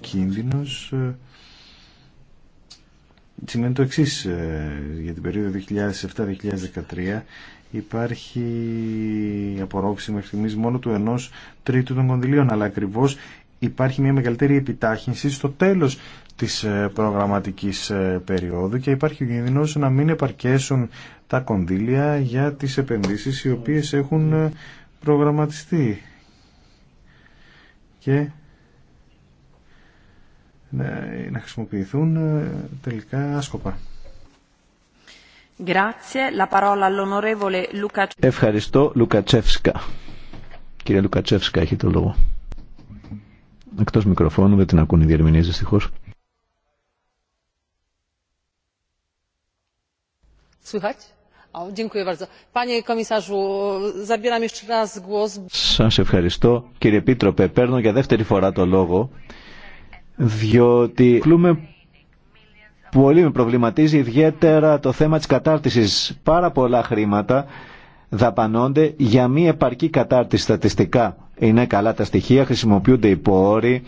κίνδυνος ε, σημαίνει το εξή ε, για την περίοδο 2007-2013 υπάρχει απορρόφηση μέχρι στιγμής μόνο του ενός τρίτου των κονδυλίων αλλά ακριβώς υπάρχει μια μεγαλύτερη επιτάχυνση στο τέλος της ε, προγραμματικής περίοδου και υπάρχει ο κίνδυνος να μην επαρκέσουν τα κονδύλια για τις επενδύσεις οι οποίες έχουν προγραμματιστεί και να χρησιμοποιηθούν ε, τελικά άσκοπα. Ευχαριστώ, Λουκατσεύσκα. Κύριε Λουκατσεύσκα, έχει το λόγο. Εκτός μικροφώνου, δεν την ακούν οι διερμηνείς, δυστυχώς. Słychać? Σας ευχαριστώ. Κύριε Πίτροπε, παίρνω για δεύτερη φορά το λόγο, διότι πολύ με προβληματίζει ιδιαίτερα το θέμα της κατάρτισης. Πάρα πολλά χρήματα δαπανώνται για μη επαρκή κατάρτιση στατιστικά. Είναι καλά τα στοιχεία, χρησιμοποιούνται οι πόροι,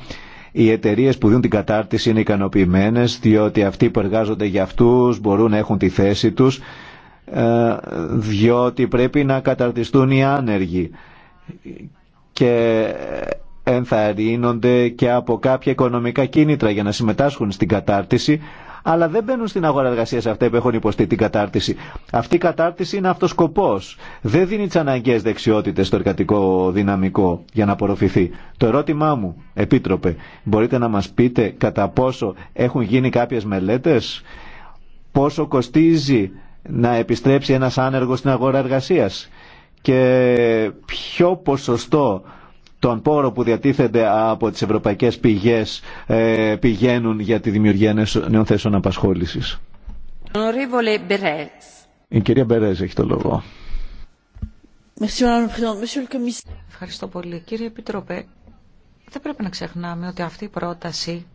οι εταιρείε που δίνουν την κατάρτιση είναι ικανοποιημένε, διότι αυτοί που εργάζονται για αυτού μπορούν να έχουν τη θέση του ε, διότι πρέπει να καταρτιστούν οι άνεργοι και ε, ενθαρρύνονται και από κάποια οικονομικά κίνητρα για να συμμετάσχουν στην κατάρτιση αλλά δεν μπαίνουν στην αγορά εργασία αυτά που έχουν υποστεί την κατάρτιση. Αυτή η κατάρτιση είναι αυτό σκοπός. Δεν δίνει τι αναγκαίε δεξιότητε στο εργατικό δυναμικό για να απορροφηθεί. Το ερώτημά μου, Επίτροπε, μπορείτε να μα πείτε κατά πόσο έχουν γίνει κάποιε μελέτε, πόσο κοστίζει να επιστρέψει ένας άνεργος στην αγορά εργασίας και ποιο ποσοστό τον πόρων που διατίθεται από τις ευρωπαϊκές πηγές ε, πηγαίνουν για τη δημιουργία νέων θέσεων απασχόλησης. Η κυρία Μπερέζ έχει το λόγο. Ευχαριστώ πολύ. Κύριε Επιτροπέ, δεν πρέπει να ξεχνάμε ότι αυτή η πρόταση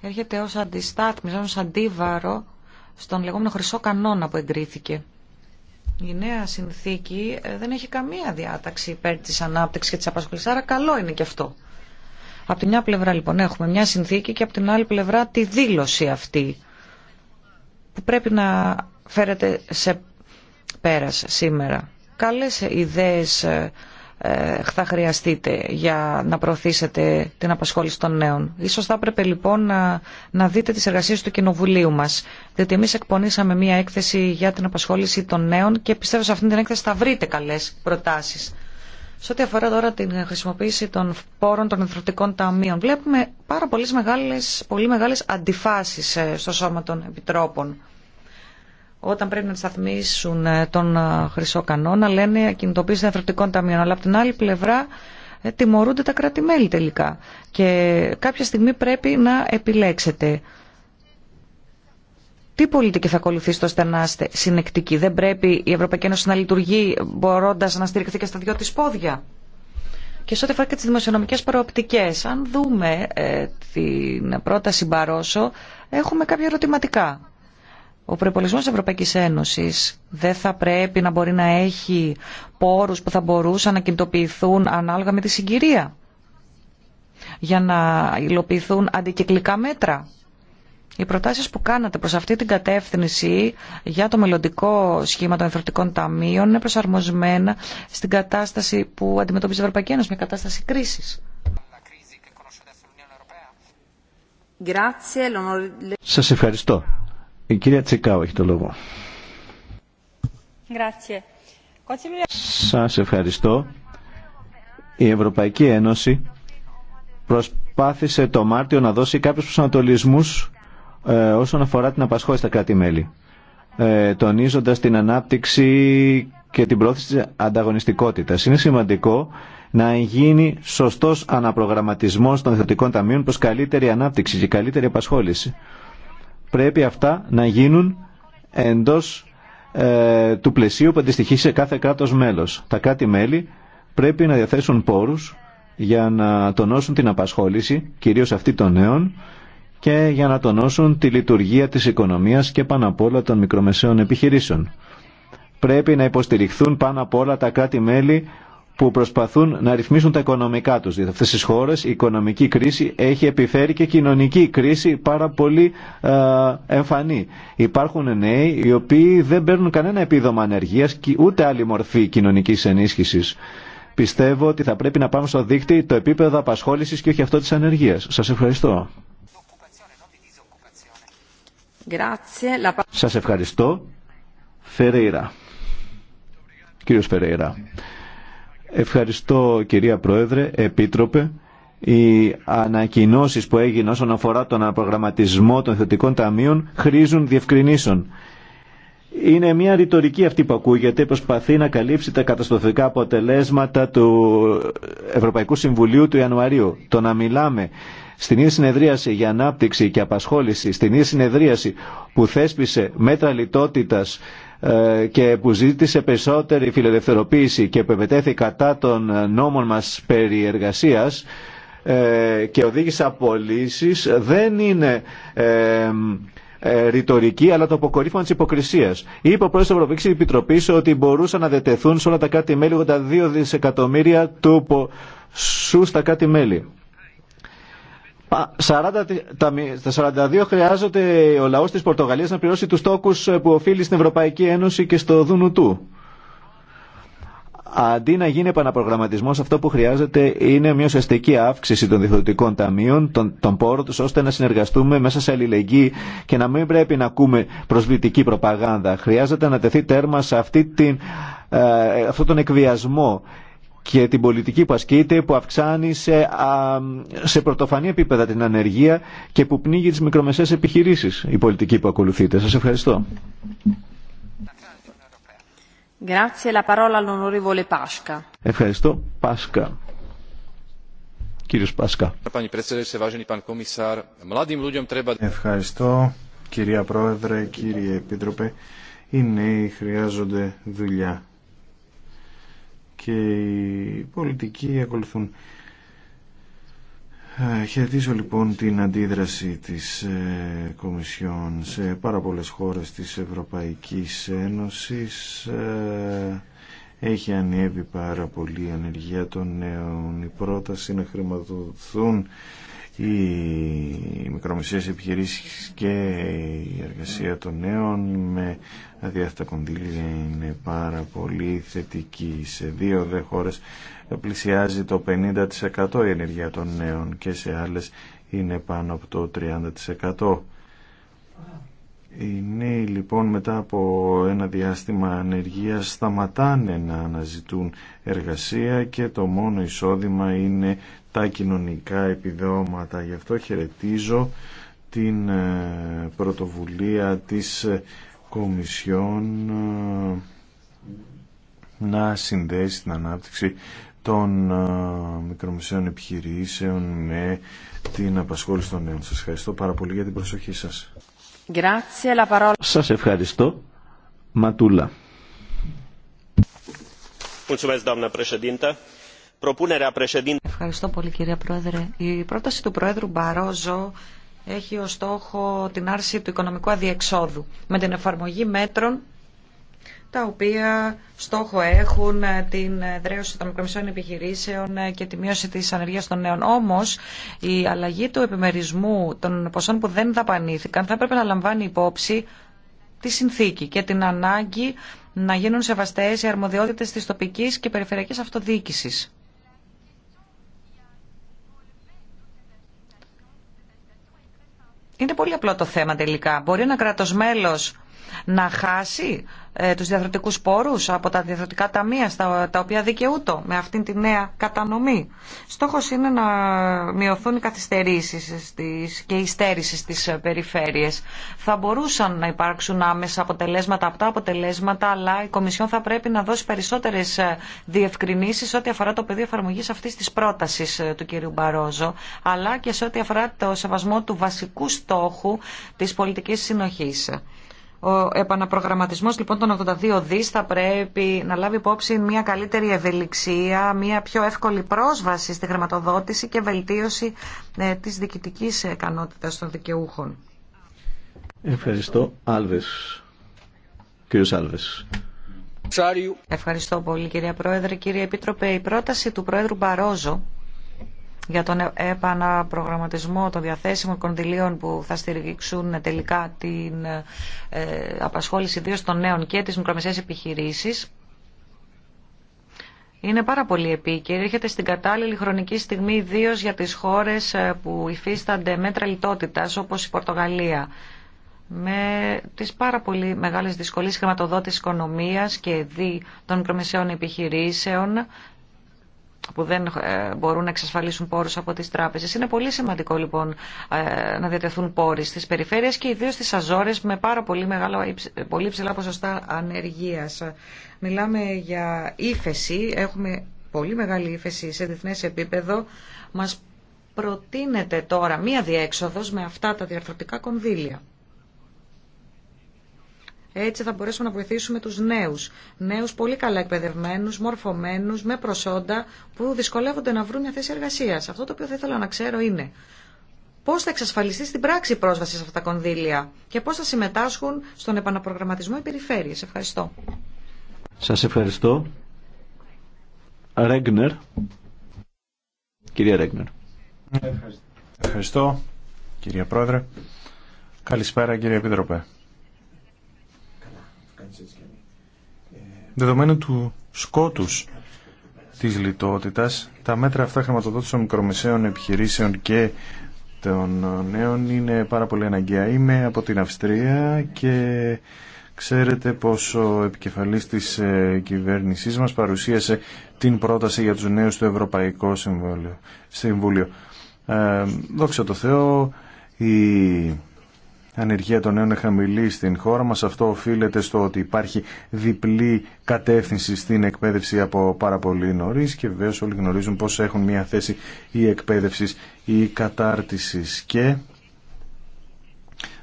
έρχεται ως αντιστάθμιση, ως αντίβαρο στον λεγόμενο χρυσό κανόνα που εγκρίθηκε. Η νέα συνθήκη ε, δεν έχει καμία διάταξη υπέρ της ανάπτυξης και της απασχολής, άρα καλό είναι και αυτό. Από τη μια πλευρά λοιπόν έχουμε μια συνθήκη και από την άλλη πλευρά τη δήλωση αυτή που πρέπει να φέρεται σε πέρας σήμερα. Καλές ιδέες ε, ε, θα χρειαστείτε για να προωθήσετε την απασχόληση των νέων. Ίσως θα έπρεπε λοιπόν να, να δείτε τις εργασίες του Κοινοβουλίου μας, διότι εμείς εκπονήσαμε μία έκθεση για την απασχόληση των νέων και πιστεύω σε αυτήν την έκθεση θα βρείτε καλές προτάσεις. Σε ό,τι αφορά τώρα την χρησιμοποίηση των πόρων των ενθρωτικών ταμείων, βλέπουμε πάρα πολλές μεγάλες, πολύ μεγάλες αντιφάσεις ε, στο σώμα των επιτρόπων όταν πρέπει να σταθμίσουν ε, τον ε, χρυσό κανόνα, λένε κινητοποίηση των ανθρωπτικών ταμείων. Αλλά από την άλλη πλευρά ε, τιμωρούνται τα κράτη-μέλη τελικά. Και κάποια στιγμή πρέπει να επιλέξετε. Τι πολιτική θα ακολουθήσει ώστε να είστε Δεν πρέπει η Ευρωπαϊκή Ένωση να λειτουργεί μπορώντας να στηριχθεί και στα δυο της πόδια. Και σε ό,τι αφορά και τι δημοσιονομικέ προοπτικέ, αν δούμε την πρόταση Μπαρόσο, έχουμε κάποια ερωτηματικά. Ο προπολογισμό τη Ευρωπαϊκή Ένωση δεν θα πρέπει να μπορεί να έχει πόρου που θα μπορούσαν να κινητοποιηθούν ανάλογα με τη συγκυρία για να υλοποιηθούν αντικυκλικά μέτρα. Οι προτάσεις που κάνατε προς αυτή την κατεύθυνση για το μελλοντικό σχήμα των εθνικών ταμείων είναι προσαρμοσμένα στην κατάσταση που αντιμετωπίζει η Ευρωπαϊκή Ένωση, μια κατάσταση κρίσης. Σας ευχαριστώ. Η κυρία Τσικάου έχει το λόγο. Σας ευχαριστώ. Η Ευρωπαϊκή Ένωση προσπάθησε το Μάρτιο να δώσει κάποιους προσανατολισμούς ε, όσον αφορά την απασχόληση στα κράτη-μέλη, ε, τονίζοντας την ανάπτυξη και την πρόθεση της ανταγωνιστικότητας. Είναι σημαντικό να γίνει σωστός αναπρογραμματισμός των θετικών ταμείων προς καλύτερη ανάπτυξη και καλύτερη απασχόληση πρέπει αυτά να γίνουν εντός ε, του πλαισίου που αντιστοιχεί σε κάθε κράτος μέλος. Τα κάτι μελη πρέπει να διαθέσουν πόρους για να τονώσουν την απασχόληση, κυρίως αυτή των νέων, και για να τονώσουν τη λειτουργία της οικονομίας και πάνω απ' όλα των μικρομεσαίων επιχειρήσεων. Πρέπει να υποστηριχθούν πάνω απ' όλα τα κράτη-μέλη που προσπαθούν να ρυθμίσουν τα οικονομικά τους. Διότι αυτές τις χώρες η οικονομική κρίση έχει επιφέρει και κοινωνική κρίση πάρα πολύ ε, εμφανή. Υπάρχουν νέοι οι οποίοι δεν παίρνουν κανένα επίδομα ανεργίας και ούτε άλλη μορφή κοινωνικής ενίσχυσης. Πιστεύω ότι θα πρέπει να πάμε στο δίκτυο το επίπεδο απασχόλησης και όχι αυτό της ανεργίας. Σας ευχαριστώ. Σας ευχαριστώ. Φερέιρα. Κύριος Φερέιρα. Ευχαριστώ κυρία Πρόεδρε, Επίτροπε. Οι ανακοινώσει που έγιναν όσον αφορά τον αναπρογραμματισμό των θετικών ταμείων χρήζουν διευκρινήσεων. Είναι μια ρητορική αυτή που ακούγεται, προσπαθεί να καλύψει τα καταστροφικά αποτελέσματα του Ευρωπαϊκού Συμβουλίου του Ιανουαρίου. Το να μιλάμε στην ίδια συνεδρίαση για ανάπτυξη και απασχόληση, στην ίδια συνεδρίαση που θέσπισε μέτρα λιτότητας ε, και που ζήτησε περισσότερη φιλελευθερωποίηση και που επετέθη κατά των νόμων μας περί εργασίας ε, και οδήγησε απολύσεις δεν είναι ε, ρητορική αλλά το αποκορύφωμα της υποκρισίας. Είπε ο πρόεδρο τη ότι μπορούσαν να δετεθούν σε όλα τα κάτι μελη 82 δισεκατομμύρια του ποσού στα κάτι μελη 40, 42 χρειάζεται ο λαός της Πορτογαλίας να πληρώσει τους τόκους ε, που οφείλει στην Ευρωπαϊκή Ένωση και στο Δούνου του. Αντί να γίνει επαναπρογραμματισμό, αυτό που χρειάζεται είναι μια ουσιαστική αύξηση των διχοδοτικών ταμείων, των, των πόρων του, ώστε να συνεργαστούμε μέσα σε αλληλεγγύη και να μην πρέπει να ακούμε προσβλητική προπαγάνδα. Χρειάζεται να τεθεί τέρμα σε αυτή την, ε, ε αυτόν τον εκβιασμό και την πολιτική που ασκείται που αυξάνει σε, α, πρωτοφανή επίπεδα την ανεργία και που πνίγει τις μικρομεσαίες επιχειρήσεις η πολιτική που ακολουθείτε. Σας ευχαριστώ. Ευχαριστώ. Πάσκα. Κύριος Πάσκα. Ευχαριστώ κυρία Πρόεδρε, κύριε Επίτροπε. Οι νέοι χρειάζονται δουλειά και οι πολιτικοί ακολουθούν. Ε, χαιρετίζω λοιπόν την αντίδραση της ε, Κομισιόν σε πάρα πολλές χώρες της Ευρωπαϊκής Ένωσης. Ε, έχει ανέβει πάρα πολύ η ανεργία των νέων. Η πρόταση να χρηματοδοτηθούν οι μικρομεσαίες επιχειρήσεις και η εργασία των νέων με αδιάθετα κονδύλια είναι πάρα πολύ θετική. Σε δύο δε χώρες πλησιάζει το 50% η ενεργεία των νέων και σε άλλες είναι πάνω από το 30%. Οι νέοι λοιπόν μετά από ένα διάστημα ανεργίας σταματάνε να αναζητούν εργασία και το μόνο εισόδημα είναι τα κοινωνικά επιδόματα. Γι' αυτό χαιρετίζω την ε, πρωτοβουλία της ε, Κομισιόν ε, να συνδέσει την ανάπτυξη των μικρομεσαίων επιχειρήσεων με την απασχόληση των νέων. Σας ευχαριστώ πάρα πολύ για την προσοχή σας. Σας ευχαριστώ. Ματούλα. Ευχαριστώ πολύ κυρία Πρόεδρε. Η πρόταση του Πρόεδρου Μπαρόζο έχει ως στόχο την άρση του οικονομικού αδιεξόδου με την εφαρμογή μέτρων τα οποία στόχο έχουν την δρέωση των μικρομεσαίων επιχειρήσεων και τη μείωση της ανεργίας των νέων. Όμως, η αλλαγή του επιμερισμού των ποσών που δεν δαπανήθηκαν θα έπρεπε να λαμβάνει υπόψη τη συνθήκη και την ανάγκη να γίνουν σεβαστές οι αρμοδιότητες της τοπικής και περιφερειακής αυτοδιοίκησης. Είναι πολύ απλό το θέμα τελικά. Μπορεί ένα κράτο μέλος να χάσει ε, τους πόρου πόρους από τα διαδροτικά ταμεία στα, τα οποία δικαιούτο με αυτήν τη νέα κατανομή. Στόχος είναι να μειωθούν οι καθυστερήσεις στις, και οι στέρησεις στις περιφέρειες. Θα μπορούσαν να υπάρξουν άμεσα αποτελέσματα από τα αποτελέσματα, αλλά η Κομισιόν θα πρέπει να δώσει περισσότερες ε, διευκρινήσεις ό,τι αφορά το πεδίο εφαρμογή αυτής της πρότασης ε, του κ. Μπαρόζο, αλλά και σε ό,τι αφορά το σεβασμό του βασικού στόχου της πολιτικής συνοχής. Ο επαναπρογραμματισμό λοιπόν των 82 δι θα πρέπει να λάβει υπόψη μια καλύτερη ευελιξία, μια πιο εύκολη πρόσβαση στη χρηματοδότηση και βελτίωση ε, τη διοικητική ικανότητα των δικαιούχων. Ευχαριστώ. Άλβες. Κύριος Άλβες. Ευχαριστώ πολύ κυρία Πρόεδρε. Κύριε Επίτροπε, η πρόταση του Πρόεδρου Μπαρόζο για τον επαναπρογραμματισμό των διαθέσιμων κονδυλίων που θα στηρίξουν τελικά την ε, απασχόληση ιδίω των νέων και τις μικρομεσαίες επιχειρήσεις. Είναι πάρα πολύ επίκαιρη. Έρχεται στην κατάλληλη χρονική στιγμή, ιδίω για τις χώρες ε, που υφίστανται μέτρα λιτότητας, όπως η Πορτογαλία με τις πάρα πολύ μεγάλες δυσκολίες χρηματοδότησης οικονομίας και δι των μικρομεσαίων επιχειρήσεων που δεν ε, μπορούν να εξασφαλίσουν πόρους από τις τράπεζες. Είναι πολύ σημαντικό λοιπόν ε, να διατεθούν πόροι στις περιφέρειες και ιδίως στις αζόρε με πάρα πολύ, μεγάλο, πολύ ψηλά ποσοστά ανεργίας. Μιλάμε για ύφεση, έχουμε πολύ μεγάλη ύφεση σε διεθνέ επίπεδο. Μας προτείνεται τώρα μία διέξοδο με αυτά τα διαρθρωτικά κονδύλια. Έτσι θα μπορέσουμε να βοηθήσουμε τους νέους. Νέους πολύ καλά εκπαιδευμένους, μορφωμένους, με προσόντα που δυσκολεύονται να βρουν μια θέση εργασίας. Αυτό το οποίο θα ήθελα να ξέρω είναι πώ θα εξασφαλιστεί στην πράξη η πρόσβαση σε αυτά τα κονδύλια και πώ θα συμμετάσχουν στον επαναπρογραμματισμό οι περιφέρειε. Ευχαριστώ. Σα ευχαριστώ. Ρέγνερ. Κυρία Ρέγνερ. Ευχαριστώ, κυρία Πρόεδρε. Καλησπέρα, κύριε Επίτροπε. Δεδομένου του σκότους της λιτότητας, τα μέτρα αυτά χρηματοδότηση των μικρομεσαίων επιχειρήσεων και των νέων είναι πάρα πολύ αναγκαία. Είμαι από την Αυστρία και ξέρετε πόσο ο επικεφαλής της ε, κυβέρνησής μας παρουσίασε την πρόταση για τους νέους στο Ευρωπαϊκό Συμβούλιο. Ε, δόξα τω Θεώ, η ανεργία των νέων χαμηλή στην χώρα μας. Αυτό οφείλεται στο ότι υπάρχει διπλή κατεύθυνση στην εκπαίδευση από πάρα πολύ νωρί και βέβαια όλοι γνωρίζουν πώς έχουν μια θέση η εκπαίδευση ή η κατάρτιση και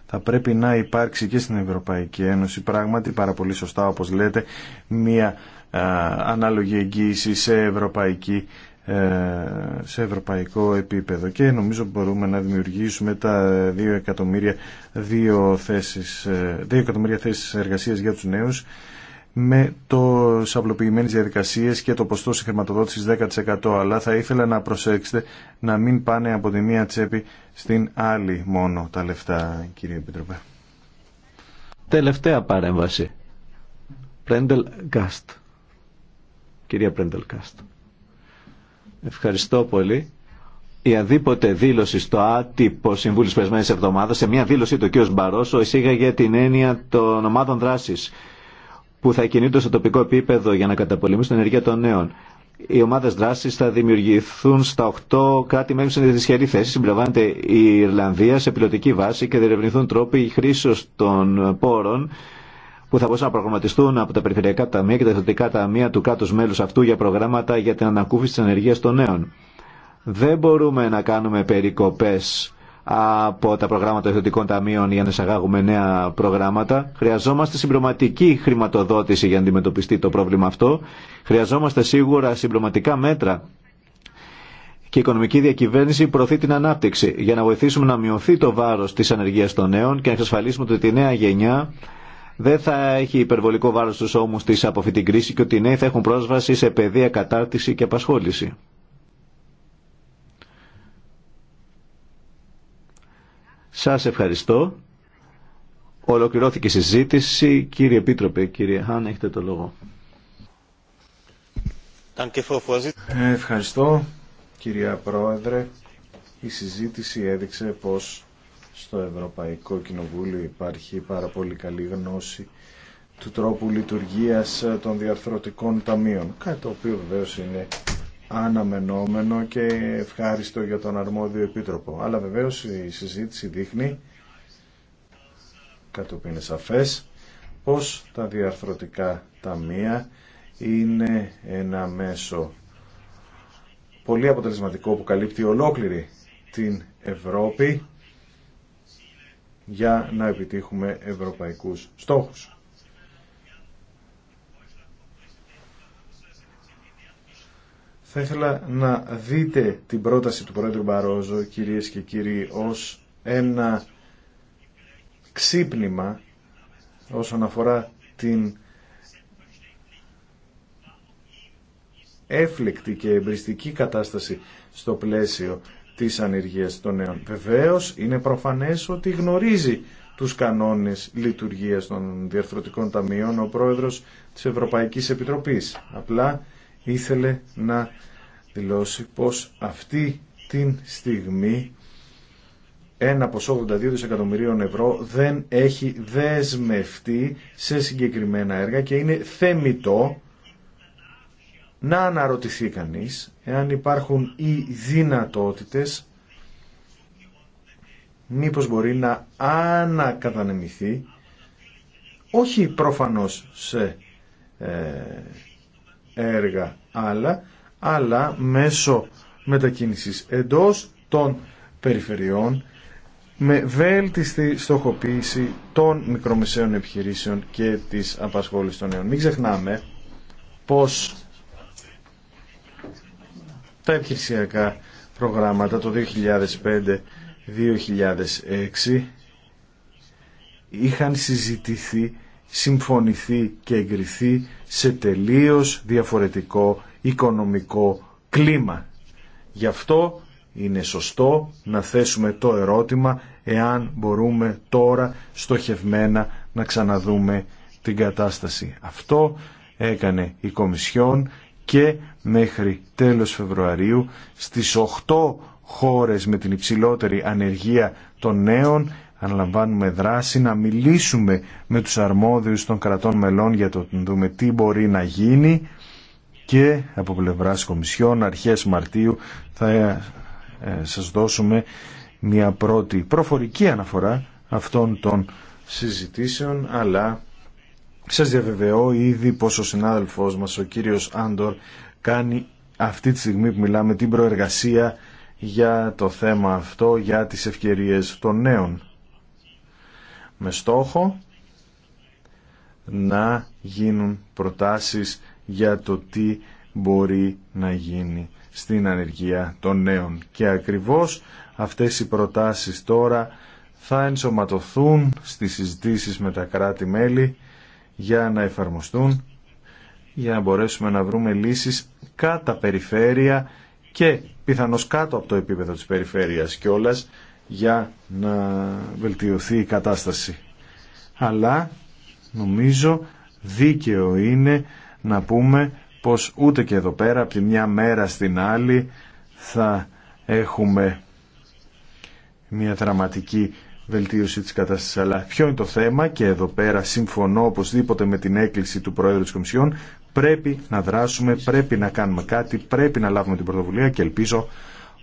θα πρέπει να υπάρξει και στην Ευρωπαϊκή Ένωση πράγματι πάρα πολύ σωστά όπως λέτε μια ανάλογη εγγύηση σε ευρωπαϊκή ε, σε ευρωπαϊκό επίπεδο και νομίζω μπορούμε να δημιουργήσουμε τα 2 εκατομμύρια, 2 θέσεις, 2 ε, εκατομμύρια θέσεις εργασίας για τους νέους με το απλοποιημένε διαδικασίες και το ποστό χρηματοδότησης 10% αλλά θα ήθελα να προσέξετε να μην πάνε από τη μία τσέπη στην άλλη μόνο τα λεφτά κύριε Επιτροπέ. Τελευταία παρέμβαση. Πρέντελ Γκάστ. Κυρία Πρέντελ Γκάστ. Ευχαριστώ πολύ. Η αδίποτε δήλωση στο άτυπο Συμβούλιο τη περασμένη εβδομάδα, σε μια δήλωση του κ. Μπαρόσο, εισήγαγε την έννοια των ομάδων δράση που θα κινούνται στο τοπικό επίπεδο για να καταπολεμήσουν την ενεργεία των νέων. Οι ομάδε δράση θα δημιουργηθούν στα 8 κράτη μέλη σε δυσχερή θέση. Συμπληρώνεται η Ιρλανδία σε πιλωτική βάση και διερευνηθούν τρόποι χρήσεω των πόρων που θα μπορούσαν να προγραμματιστούν από τα περιφερειακά ταμεία και τα εθνικά ταμεία του κράτου μέλου αυτού για προγράμματα για την ανακούφιση τη ενεργεία των νέων. Δεν μπορούμε να κάνουμε περικοπέ από τα προγράμματα εθνικών ταμείων για να εισαγάγουμε νέα προγράμματα. Χρειαζόμαστε συμπληρωματική χρηματοδότηση για να αντιμετωπιστεί το πρόβλημα αυτό. Χρειαζόμαστε σίγουρα συμπληρωματικά μέτρα και η οικονομική διακυβέρνηση προωθεί την ανάπτυξη για να βοηθήσουμε να μειωθεί το βάρο τη ανεργία των νέων και να εξασφαλίσουμε ότι τη νέα γενιά δεν θα έχει υπερβολικό βάρος στους ώμους της από αυτή την κρίση και ότι οι νέοι θα έχουν πρόσβαση σε παιδεία, κατάρτιση και απασχόληση. Σας ευχαριστώ. Ολοκληρώθηκε η συζήτηση. Κύριε Επίτροπε, κύριε Χάν, έχετε το λόγο. Ευχαριστώ, κυρία Πρόεδρε. Η συζήτηση έδειξε πως στο Ευρωπαϊκό Κοινοβούλιο υπάρχει πάρα πολύ καλή γνώση του τρόπου λειτουργίας των διαρθρωτικών ταμείων, κάτι το οποίο βεβαίω είναι αναμενόμενο και ευχάριστο για τον αρμόδιο επίτροπο. Αλλά βεβαίω η συζήτηση δείχνει, κάτι που είναι σαφές, πως τα διαρθρωτικά ταμεία είναι ένα μέσο πολύ αποτελεσματικό που καλύπτει ολόκληρη την Ευρώπη για να επιτύχουμε ευρωπαϊκούς στόχους. Θα ήθελα να δείτε την πρόταση του Πρόεδρου Μπαρόζο, κυρίες και κύριοι, ως ένα ξύπνημα όσον αφορά την έφλεκτη και εμπριστική κατάσταση στο πλαίσιο της ανεργίας των νέων. Βεβαίως είναι προφανές ότι γνωρίζει τους κανόνες λειτουργίας των διαρθρωτικών ταμείων ο πρόεδρος της Ευρωπαϊκής Επιτροπής. Απλά ήθελε να δηλώσει πως αυτή την στιγμή ένα από 82 δισεκατομμυρίων ευρώ δεν έχει δεσμευτεί σε συγκεκριμένα έργα και είναι θεμητό να αναρωτηθεί κανείς εάν υπάρχουν οι δυνατότητες μήπως μπορεί να ανακατανεμηθεί όχι προφανώς σε ε, έργα άλλα, αλλά μέσω μετακίνησης εντός των περιφερειών με βέλτιστη στοχοποίηση των μικρομεσαίων επιχειρήσεων και της απασχόλησης των νέων. Μην ξεχνάμε πως τα επιχειρησιακά προγράμματα το 2005-2006 είχαν συζητηθεί, συμφωνηθεί και εγκριθεί σε τελείως διαφορετικό οικονομικό κλίμα. Γι' αυτό είναι σωστό να θέσουμε το ερώτημα εάν μπορούμε τώρα στοχευμένα να ξαναδούμε την κατάσταση. Αυτό έκανε η Κομισιόν και μέχρι τέλος Φεβρουαρίου στις 8 χώρες με την υψηλότερη ανεργία των νέων αναλαμβάνουμε δράση να μιλήσουμε με τους αρμόδιους των κρατών μελών για το να δούμε τι μπορεί να γίνει και από πλευράς Κομισιόν αρχές Μαρτίου θα ε, σας δώσουμε μια πρώτη προφορική αναφορά αυτών των συζητήσεων αλλά σας διαβεβαιώ ήδη πως ο συνάδελφός μας, ο κύριος Άντορ, κάνει αυτή τη στιγμή που μιλάμε την προεργασία για το θέμα αυτό, για τις ευκαιρίες των νέων. Με στόχο να γίνουν προτάσεις για το τι μπορεί να γίνει στην ανεργία των νέων. Και ακριβώς αυτές οι προτάσεις τώρα θα ενσωματωθούν στις συζητήσεις με τα κράτη-μέλη για να εφαρμοστούν, για να μπορέσουμε να βρούμε λύσεις κατά περιφέρεια και πιθανώς κάτω από το επίπεδο της περιφέρειας κιόλας για να βελτιωθεί η κατάσταση. Αλλά νομίζω δίκαιο είναι να πούμε πως ούτε και εδώ πέρα από τη μια μέρα στην άλλη θα έχουμε μια δραματική βελτίωση της κατάστασης. Αλλά ποιο είναι το θέμα και εδώ πέρα συμφωνώ οπωσδήποτε με την έκκληση του Πρόεδρου της Κομισιόν πρέπει να δράσουμε, πρέπει να κάνουμε κάτι, πρέπει να λάβουμε την πρωτοβουλία και ελπίζω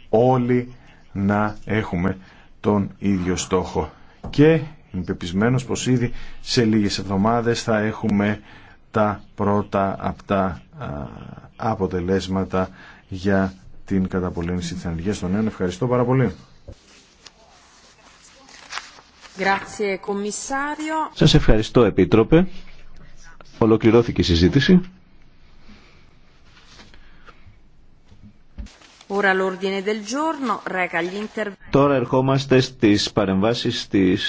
όλοι να έχουμε τον ίδιο στόχο. Και είμαι πεπισμένο πως ήδη σε λίγες εβδομάδες θα έχουμε τα πρώτα τα αποτελέσματα για την καταπολέμηση της ανεργίας των νέων. Ευχαριστώ πάρα πολύ. Σας ευχαριστώ Επίτροπε. Ολοκληρώθηκε η συζήτηση. Τώρα ερχόμαστε στις παρεμβάσεις της